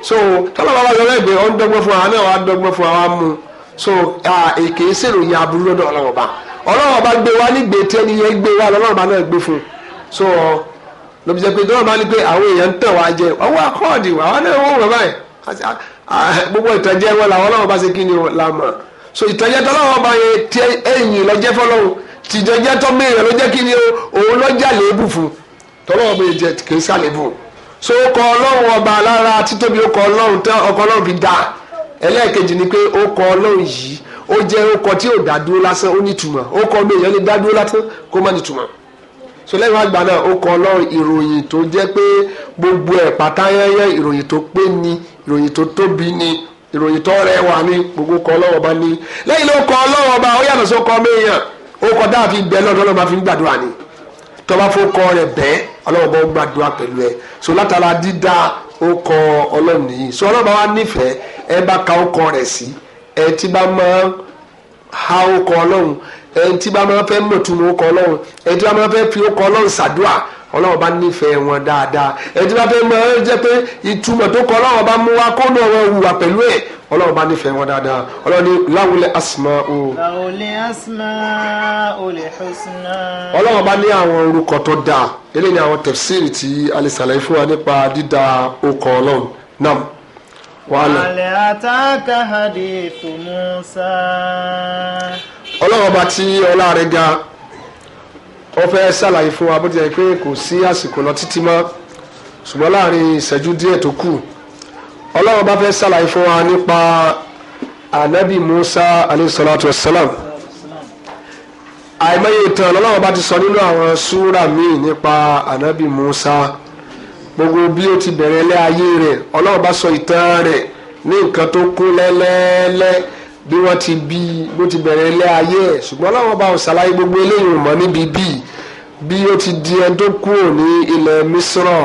so tọ́lọ́run ọba sọ ó ń dọ́gbọ́n fún wa náà wá wa ọlọ́run bá gbé wa nígbè tí ẹni yẹn gbé wa lọ́lọ́run bá náà gbé fún un so lóbi jẹ́ pé tí wọ́n bá ní pé àwọn èèyàn ń tẹ̀ wá jẹ ọwọ́ akọ́ọ̀dì wà wọ́n náà wọ́n wọ̀ báyìí gbogbo ìtànjẹ wọn làwọn ọlọ́run bá ṣe kí ni la mọ̀ so ìtànjẹ tó lọ́wọ́ bá yẹn tí ẹ̀yìn lọ́jẹ́ fọlọ́run tìjọjẹ́ tó mẹ́rin lọ́jẹ́ kí ni òun lọ́jà lébù fún tọ́lọ́wọ́ bá yẹn jẹ kì so ọkọ̀ ọlọ́run ọba lára títóbi ọkọ̀ ọlọ́run tán ọkọ̀ ọlọ́run fi dáa ó jẹ́ ọkọ̀ tí ò dá dúró lásán ó nítumọ̀ ọkọ̀ mi èèyàn lè dá dúró lásán kó má nítumọ̀ so lẹ́yìn àgbà náà ó kọ ọlọ́run ìròyìn tó jẹ́ pé gbogbo ẹ̀ pátáyẹ́yẹ́ ìròyìn tó pé ni ìròyìn tó tóbi ni ìròyìn tó rẹwà ni gbogbo kọ ọlọ́run ọba ni lẹ́yìn ló kọ ọlọ́run ọba ó yàtọ̀ sí méèyàn ó kọ dáa fi bẹ lọ́dọ̀ ọlọ́run bá fi ń gbàdúrà ni tọ́ba fọkọ rẹ̀ bẹ́ ọlọ́run bá ń gbàdúrà pẹ̀lú ẹ̀ so látara dídá ó kọ ọlọ́run nìyí so ọlọ́run bá wà nífẹ̀ẹ́ ẹ bá ka ó kọ rẹ̀ sí si ẹni tí bá máa ha okọ ọlọ́run ẹni tí bá máa fẹ́ mọ̀túnmọ̀ okọ ọlọ́run ẹni tí bá máa fẹ́ fi okọ ọlọ́run ṣàdúrà ọlọ́run bá nífẹ̀ẹ́ wọn dáadáa ẹni tí bá fẹ́ mọ ẹ jẹ́ pé ìtumọ̀ tó kọ ọlọ́run bá mú wa kó náà wọn hùwà pẹ̀lú ẹ̀ ọlọ́run bá nífẹ̀ẹ́ wọn dáadáa ọlọ́run ní láwùlẹ̀ asùnmọ́ o. láwùlẹ̀ asùnmọ́ olè husna. ọlọ́run bá ní àwọn orúkọ tó dáa eléyìí ni àwọn tẹ̀síìrì tí alẹ́ sàlàyé fún wa nípa dídá okọ̀ ọlọ́run náà wàhálẹ̀ àtàkà hadithu Musa. ọlọ́wọ́ bá tí ọlá rẹ̀ ga ó fẹ́ ṣàlàyé fún wa bó tilẹ̀ pé kò sí àsìkò lọ títí mọ́ ṣùgbọ́n láàrin ìṣẹ́jú díẹ̀ tó kù ọlọ́wọ́ bá fẹ́ ṣàlàyé fún wa nípa anabi Musa alayhi salatu wa salam àìmọye ìtàn ọlọ́wọ́ bá ti sọ nínú àwọn súra míì nípa anabi Musa gbogbo bí ó ti bẹ̀rẹ̀ lé ayé rẹ̀ ọlọ́run bá sọ ìtàn rẹ̀ ní nǹkan tó kún lẹ́lẹ́lẹ́ bí wọ́n ti bí bó ti bẹ̀rẹ̀ lé ayé ẹ̀ ṣùgbọ́n ọlọ́run bá wọn ṣàlàyé gbogbo eléyìí mọ́ níbi bíi bí ó ti di ẹni tó kúrò ní ilẹ̀ misra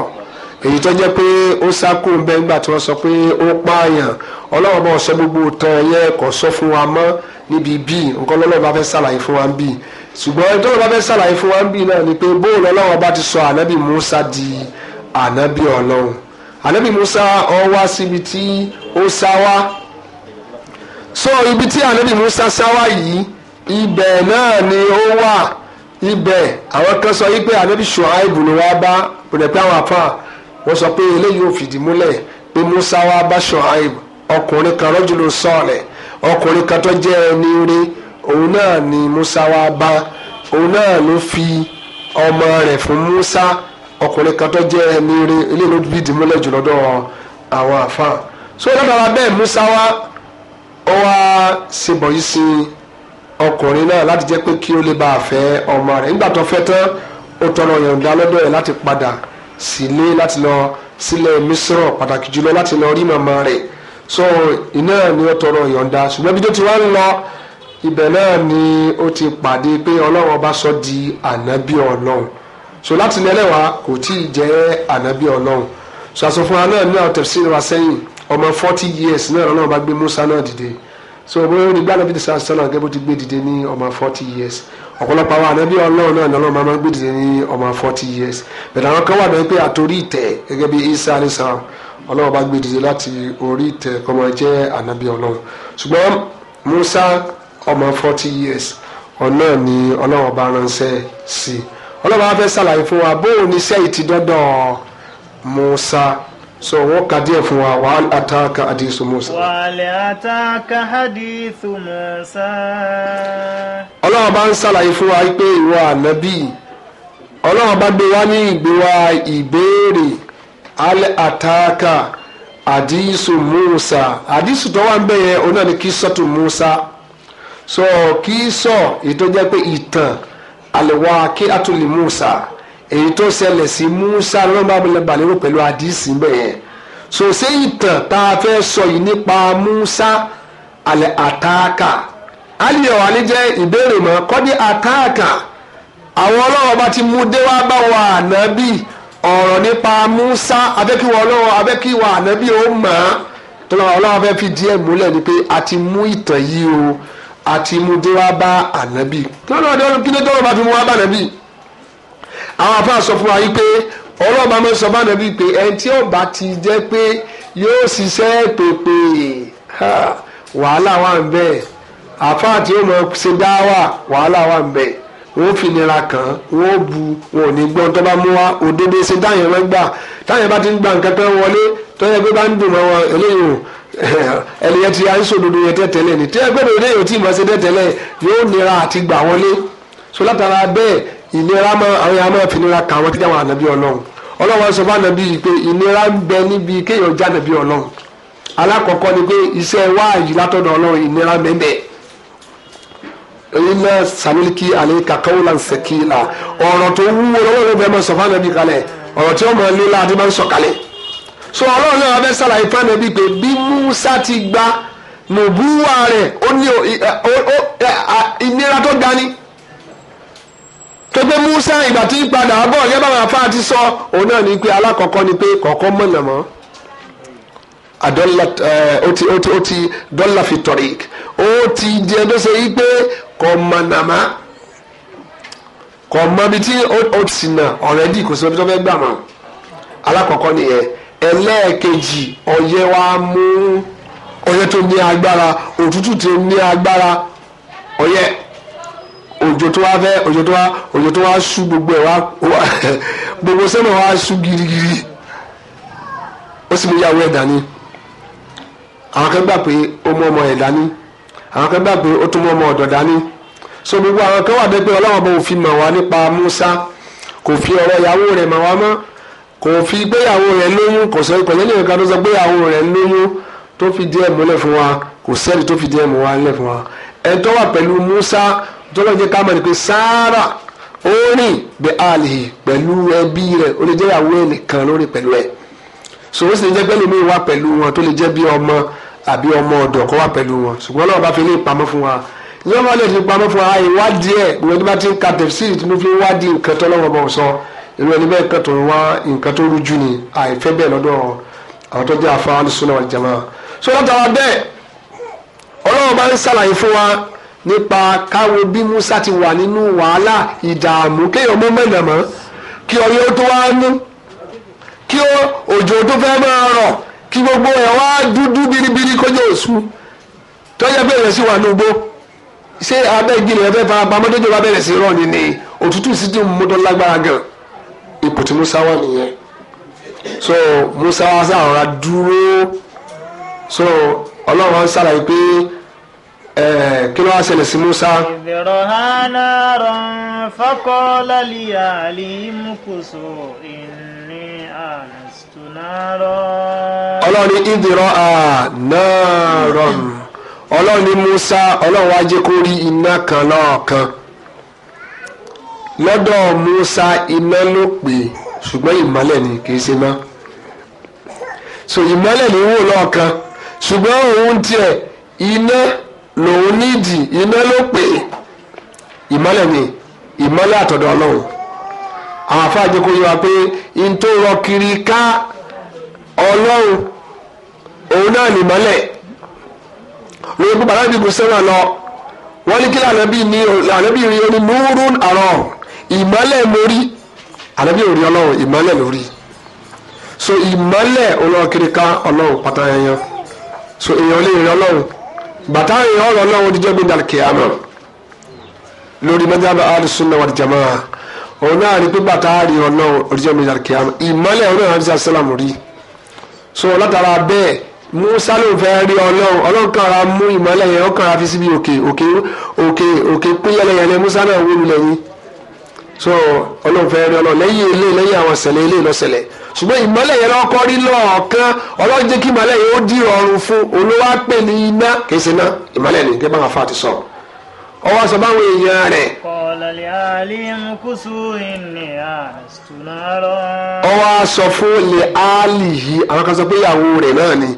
èyí tó jẹ́ pé ó sákò ń bẹ́ nígbà tí wọ́n sọ pé ó pààyàn ọlọ́run bá wọn sọ gbogbo ìtàn yẹn kò sọ fún wa mọ́ níbi bíi nǹkan lọ́lọ́run bá fẹ́ ṣàlàyé fún wa bíi ṣùgbọ́n ẹni tó lọ́ bá fẹ́ ṣàlàyé fún wa bíi náà ni pé bóòlù ọlọ́run bá ti sọ ànábì Musa di ànábì ọlọ́run ànábì musa ó wá síbi tí ó sá wá so ibi tí ànábì musa sá wá yìí ibẹ̀ náà ni ó wà ibẹ̀ àwọn kan sọ wípé ànábì shuaibu ni wàá bá pẹ̀lẹ́pẹ́ àwọn afa wọ́n sọ pé eléyìí ò fìdí múlẹ̀ pé musa wàá bá shuaibu ọkùnrin kan rọ́jùlọ sọ̀ọ̀lẹ̀ ọkùnrin kan tó jẹ́ ẹni rí òun náà ni musa wàá bá òun náà ló fi ọmọ rẹ̀ fún musa ọkùnrin kan tó jẹ́ ẹni rí ilé ló bí ìdìmúlẹ̀ jù lọ́dọ̀ àwọn àfa so látara bẹ́ẹ̀ Musa wa ó wá ṣèbọ̀ yìí sí ọkùnrin náà láti jẹ́ pé kí ó lè bá a fẹ́ ọmọ rẹ̀ nígbà tó fẹ́ tán ó tọrọ yọ̀ǹda lọ́dọ̀ ẹ̀ láti padà sílé láti lọ sílẹ̀ Mísírọ̀ pàtàkì jùlọ láti lọ rí màmá rẹ̀ so iná ni ó tọrọ yọ̀ǹda ṣùgbọ́n ibi tó ti wá ń lọ ibẹ̀ náà ni ó ti pàdé pé Ọlọ́run ọba sọ di ànábì Ọlọ́run so láti ní ẹlẹ́wàá kò tí ì jẹ́ ànábì ọlọ́run so àsọ fún wa náà ní àwọn tẹ̀síìrì wa sẹ́yìn ọmọ forty years náà ọlọ́run bá gbé musa náà dìde so bóyá ní gbàdúrà bíi sàn sàn àgẹ́bó ti gbé dìde ní ọmọ forty years ọ̀pọ̀lọpọ̀ àwọn ànábì ọlọ́run náà ní ọlọ́run máa gbé dìde ní ọmọ forty years bẹ̀rẹ̀ àwọn kan wà náà pé àtòrí ìtẹ̀ gẹ́gẹ́ bíi isa alisa ọlọ́run bá gbé dìde láti orí ìtẹ̀ kó máa jẹ́ ànábì ọlọ́run ṣùgbọ́n musa ọmọ forty years ọ̀nà ni ọlọ́run bá ránṣẹ́ sí i ọlọ́run wa fẹ́ ṣàlàyé fún wa bó ní sẹ́yìn ti dọ́dọ̀ Musa so wọ́n ka díẹ̀ fún wa wàhálì àtàkà àdìsù Musa. wàhálì àtàkà àdìsù Musa. ọlọ́run bá ń ṣàlàyé fún wa pé ìwọ ànábì ọlọ́run bá gbé wá ní ìgbéwá ìbéèrè alẹ́ àtàkà àdìsù Musa àdìsù tó wà ń bẹ̀yẹ onáni kí sọ́tù Musa so kí sọ ètò jẹ́ pé ìtàn al-waqi'atu li Musa èyí tó ṣẹlẹ̀ sí Musa lọ́nà bá lérò pẹ̀lú àdìsí bẹ́ẹ̀ so ṣé ìtàn tá a fẹ́ sọ yìí nípa Musa al-ataka aliyah wa ni jẹ́ ìbéèrè mọ́ kọ́dí ataka àwọn ọlọ́wọ́ bá ti mú dé wá bá wa ànábì ọ̀rọ̀ nípa Musa abẹ́kíwọ̀ ọlọ́wọ́ abẹ́kíwọ̀ ànábì ó mọ̀ ọ́ tó lọ́wọ́ ọlọ́wọ́ fẹ́ fi díẹ̀ múlẹ̀ ni pé a ti mú ìtàn yìí o àti mudé wá bá ànábì lọ́dọ̀ ọdún kí ló tọrọ bá fi mú wá bá ànábì àwọn afa sọ fún wa yìí pé ọlọ́ọ̀bá máa ń sọ fún ànábì pé ẹni tí ọba ti jẹ́ pé yóò ṣiṣẹ́ pèpè wàhálà wà ń bẹ afa àti ọmọ ṣe dá wà wàhálà wà ń bẹ wọ́n fi nira kàn wọ́n bu wọn ò ní gbọ́n tó bá mú wa òdodo ṣe táyẹn wọn gbà táyẹn bá ti ń gba nǹkan tó ń wọlé tó yẹ pé bá ń dùn mọ́ wọn eléyìí *laughs* ẹni yẹn ti àìsòdodo yẹn tẹ́tẹ́lẹ̀ ni tí ẹgbẹ́ òde yóò tí ì máa ṣe tẹ́tẹ́lẹ̀ yóò nira àti gbà wọlé so látara bẹ́ẹ̀ ìnira máa àwọn yàrá máa fi nira kà wọ́n títí àwọn ànábì ọlọ́run ọlọ́run sọ fún ànábì yìí pé ìnira ń bẹ níbi kéèyàn já ànábì ọlọ́run alákọ̀ọ́kọ́ ni pé iṣẹ́ wáàyí látọ̀dọ̀ ọlọ́run ìnira mẹ́mẹ́ ìnà sàmìlìkì àlẹ́ kàkọ́wọ́lá ṣèkìlà ọ̀rọ̀ tó wúwo lọ́wọ́ ló bẹ́ẹ̀ máa sọ fún ànábì kalẹ̀ ọ̀rọ̀ tí ó máa lé láti máa ń sọ kalẹ̀ so ọlọ́run náà fẹ́ sàlàyé fún ànábì pé bí Musa ti gba nùbúwà rẹ̀ ó ní ìnira tó ga ni tó pé Musa ìgbà tí ń padà bọ̀ yẹ́ bá wàá fáà ti sọ òun náà ni pé alákọ̀ọ́kọ́ ni pé kọ̀ọ̀kan mọ̀nà mọ́ adọ́là ó ti ó ti ó ti dọ́là fi tọ̀rí ó ti jẹ́ tó ṣe yí pé kọ̀ mọ̀nà mọ́ kọ̀ mọ́ tí ó ti nà ọ̀rẹ́dì kò sí ibi tó fẹ́ gbà mọ́ alákọ̀ọ́kọ́ nìyẹn ẹlẹ́ẹ̀kejì ọyẹ́ wa mú ọyẹ́ tó ní agbára òtútù tó ní agbára ọyẹ́ òjò tó wá fẹ́ òjò tó wá òjò tó wá sú gbogbo ẹ̀ wá *laughs* gbogbo sẹ́nà wá sú girigiri ó sì mú yàwó ẹ̀ dání àwọn kan gbà pé ó mú ọmọ ẹ̀ dání àwọn kan gbà pé ó tún mú ọmọ ọ̀dọ̀ dání so gbogbo àwọn kan wà bẹ́ẹ̀ pé ọlọ́wọ́n bá òfin mọ̀ wá nípa Musa kò fi ọ̀rọ̀ ìyàwó rẹ̀ mọ̀ wá mọ́ kò fi gbéyàwó rẹ̀ lóyún kò sọ ìkọ̀lẹ́ nìkan kan tó sọ gbéyàwó rẹ̀ lóyún tó fi díẹ̀ múlẹ̀ fún wa kò sẹ́ni tó fi díẹ̀ mú wa lẹ̀ fún wa ẹni tó wà pẹ̀lú Musa tó lọ jẹ́ ká mọ̀ ní pé sáárà ó rìn bẹ àlè pẹ̀lú ẹbí rẹ̀ ó lè jẹ́ ìyàwó ẹ̀ nìkan lórí pẹ̀lú ẹ̀ sòwò sì lè jẹ́ pẹ̀lú mi wá pẹ̀lú wọn tó lè jẹ́ bí ọmọ àbí ọmọ ọ̀dọ̀ kó wà pẹ̀lú wọn ṣùgbọ́n Ọlọ́run bá fi ní ìpamọ́ fún wa ìyọ́n bá lè fi pamọ́ fún wa ìwádìí ẹ̀ gbogbo ẹni bá ti ń ka tẹ̀síì tí fi ń wádìí nǹkan tọ́lọ́wọ́ bọ̀ sọ irú ẹni bẹ́ẹ̀ kàn tó ń wá nǹkan tó rújú ni àìfẹ́ bẹ́ẹ̀ lọ́dọ̀ àwọn tó jẹ́ afa alùsùnà wal jamaa so látara bẹ́ẹ̀ ọlọ́run bá ń ṣàlàyé fún wa nípa káwo bí Musa ti wà nínú wàhálà ìdààmú kéèyàn mú mẹ́nà mọ́ kí ọyẹ́ ó tó wá mú kí òjò tó fẹ́ máa rọ̀ kí gbogbo ẹ̀ wá dúdú biribiri kójú òṣù tọ́jà bẹ̀rẹ̀ sí wà lógbó ṣé abẹ́ ìgbìlẹ̀ fara pamọ́ tó jọba bẹ̀rẹ̀ sí rọ̀ nìyí òtútù sì ti mú tó lágbára gan-an ipò tí Musa wà nìyẹn so Musa wá sára dúró so ọlọ́run wá sára yìí pé kí ló wá ṣẹlẹ̀ sí Musa. ìdèrò hánà rán fakọ́lá liya alimukuso ìní àlùsùnárọ̀. ọlọ́run ìdèrò hánà rán ọlọ́run Musa ọlọ́run wá jẹ́ kó rí iná kan lọ́ọ̀kan lọ́dọ̀ Musa iná ló pè ṣùgbọ́n ìmọ́lẹ̀ ni kì í ṣe mọ́ so ìmọ́lẹ̀ ni wò lọ́ọ̀kan ṣùgbọ́n òun tiẹ̀ iná lòun nídìí iná ló pè ìmọ́lẹ̀ ni ìmọ́lẹ̀ àtọ̀dọ̀ Ọlọ́run àwọn afáàjẹ kò yọ wa pé n tó rọ kiri ká Ọlọ́run òun náà ní ìmọ́lẹ̀ lórí pípa láti ibùsọ̀rọ̀ lọ wọ́n ní kí lànà bí ní lànà bí rí oní núrún ìmọ́lẹ̀ lórí àlẹ́bí òrí ọlọ́run ìmọ́lẹ̀ lórí so ìmọ́lẹ̀ olóhùn kiri ká ọlọ́run pátá yanyan so èèyàn lè rí ọlọ́run bàtà èèyàn ọ̀rọ̀ ọlọ́run díjọ́ bí dàlùkì àmọ́ lórí mẹ́tàbà àdìsúnà wal jamaa òun náà rí pé bàtà rí ọlọ́run díjọ́ bí dàlùkì àmọ́ ìmọ́lẹ̀ òun náà rí rí so látara bẹ́ẹ̀ musa ló fẹ́ rí ọlọ́run ọlọ́run kan ra mú ìmọ́lẹ̀ yẹn ó kan ra fi síbi òkè òkè òkè òkè pínyẹlẹ yẹn lẹ musa náà wó lulẹ̀ so ọlọ́run fẹ́ rí ọlọ́run lẹ́yìn ilé lẹ́yìn àwọn ṣẹlẹ̀ ilé lọ́sẹ̀lẹ̀ ṣùgbọ́n ìmọ́lẹ̀ yẹn lọ́kọ́ rí lọ́ọ̀kan ọlọ́run jẹ́ kí ìmọ́lẹ̀ yẹn ó di ọ̀run fún olówó pè ní iná kì í ṣe iná ìmọ́lẹ̀ ni gẹ́gẹ́ bá wọn fa ti sọ̀rọ̀ ọwọ́ sọ báwọn èèyàn rẹ̀. ọwọ́ sọ fún lè áàlì yìí àwọn kan sọ pé ìyàwó rẹ̀ náà ni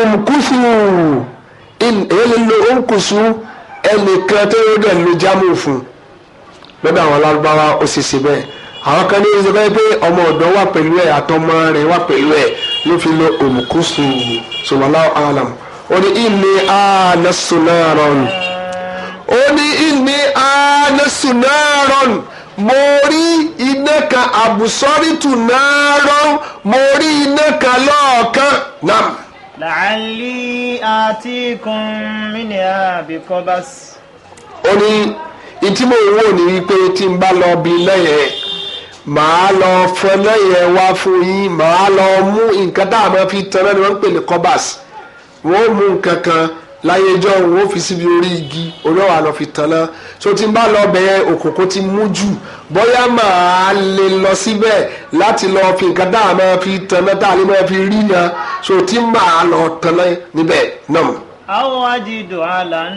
òǹkùsù èyí lè òǹkùsù ẹnìkan tó yóò dẹ̀ lo jámù fún un lọ́dọ̀ àwọn lárúbáwá ó sì ṣe bẹ́ẹ̀ àwọn kan ní ìṣe bẹ́ẹ̀ pé ọmọ ọ̀dọ́ wà pẹ̀lú ẹ̀ àtọmọ rẹ̀ wà pẹ̀lú ẹ̀ ló fi lo òmùkúsù sọlọ́lá alam ó ní ìní ànásùnárọ̀n ó ní ìní ànásùnárọ̀n mo rí iná kan àbùsọ́rìtù náà rán mo rí iná kan lọ́ọ̀kan náà. làálí àti kùn mí ni àbíkọ́ bá sí. ó ní ìtí mò ń wò ní wípé tí n bá lọ bí lẹ́yìn màá lọ fọ lẹ́yìn wá fún yín màá lọ mú nǹkan tá a máa fi tan náà ni pè ní cobas wọ́n mú nǹkan kan láyé wọ́n fi síbi orí igi olówó àlọ́ fi tan náà so tí n bá lọ bẹ̀ẹ́ òkòkò ti mú jù bóyá màá lè lọ síbẹ̀ láti lọ fi nǹkan tá a máa fi tan náà tá a lè máa fi rí náà so tí màá lọ tan náà níbẹ̀ náà aw ajidu ala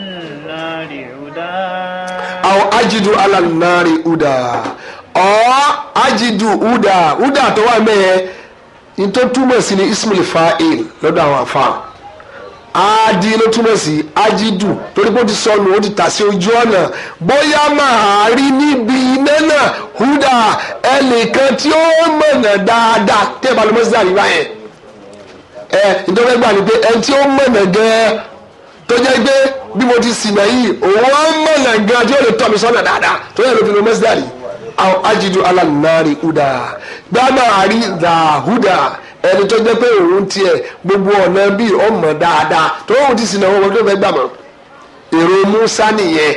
nari uda. aw ajidu ala nari uda ọ ajidu uda uda tó wà mẹ́ẹ̀ n tó túmọ̀ sí ni ismail fa'il lọ́dọ̀ àwọn afa adi ló túmọ̀ sí ajidu torí pé ó ti sọnù ó ti tà sí ojú ọ̀nà bóyá màá rí níbi iná náà huda ẹnìkan tí ó mọ̀nà dáadáa tẹ́ ẹ bá lọ́mọ́sí àríwá yẹn ẹ ìjọba ẹgbàá ni pé ẹni tí ó mọ̀nà gẹ́ẹ́ tó jẹ́ pé bí mo ti sìnà yìí òun á mọ̀nà gan tí ó lè tọ́ mi sọ́nà dáadáa tó yẹ lófin mẹ́sídàrí àwọn ajídu alánàárì húdà gbàgbà àrí zàhúdà ẹni tó jẹ́ pé òun tiẹ̀ gbogbo ọ̀nà bíi ọmọ dáadáa tó òun ti sìnà wọn wọn tó fẹ́ gbàmọ̀ èrò Musa nìyẹn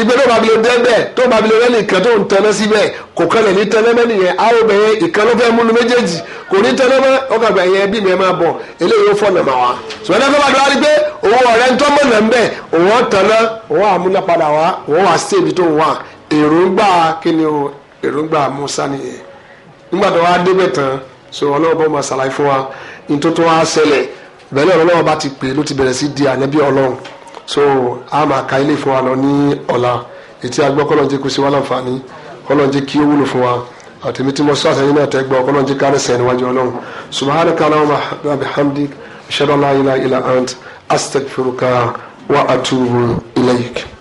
ibi tó bá bilẹ̀ dẹ́bẹ̀ tó bá bilẹ̀ rẹ́lì kan tó ń tẹ́lẹ̀ síbẹ̀ kò kẹlẹ̀ ní tẹ́lẹ̀ mẹ́ nìyẹn àwọn obìnrin ìkan ló fẹ́ múnú méjèèjì kò ní tẹ́lẹ̀ mẹ́ ọkàn gbà yẹn bí mi ẹ máa bọ̀ eléyìí ó fọ̀nà màwá. sọ̀rọ̀ ẹ̀fọ́ bá dọ́wọ́ di pé òun ọ̀rẹ́ ń tọ́mọ̀ nà ń bẹ̀ òun tẹ̀lẹ̀ òun àmúná padà wá òun wá sí ibi tó wà èròǹgbà kíni o èròǹgbà Musa nìyẹn nígbà tó wá débẹ̀ tán so ọlọ́wọ́ so a máa ka ilé fún wa lọ ní ọ̀la ètí agbọ́ kọ́lọ́n jẹ́ kó ṣe wá láǹfààní kọ́lọ́n jẹ́ kí ó wúlò fún wa àtẹ̀mí tí mo sọ àtẹ̀yìn náà tẹ́ gbọ́ kọ́lọ́n jẹ́ sẹ́yìn níwájú ọlọ́run subhanaka allahumma wa bihamdik ashhadu an la ilaha ant astaghfiruka wa atubu ilayk.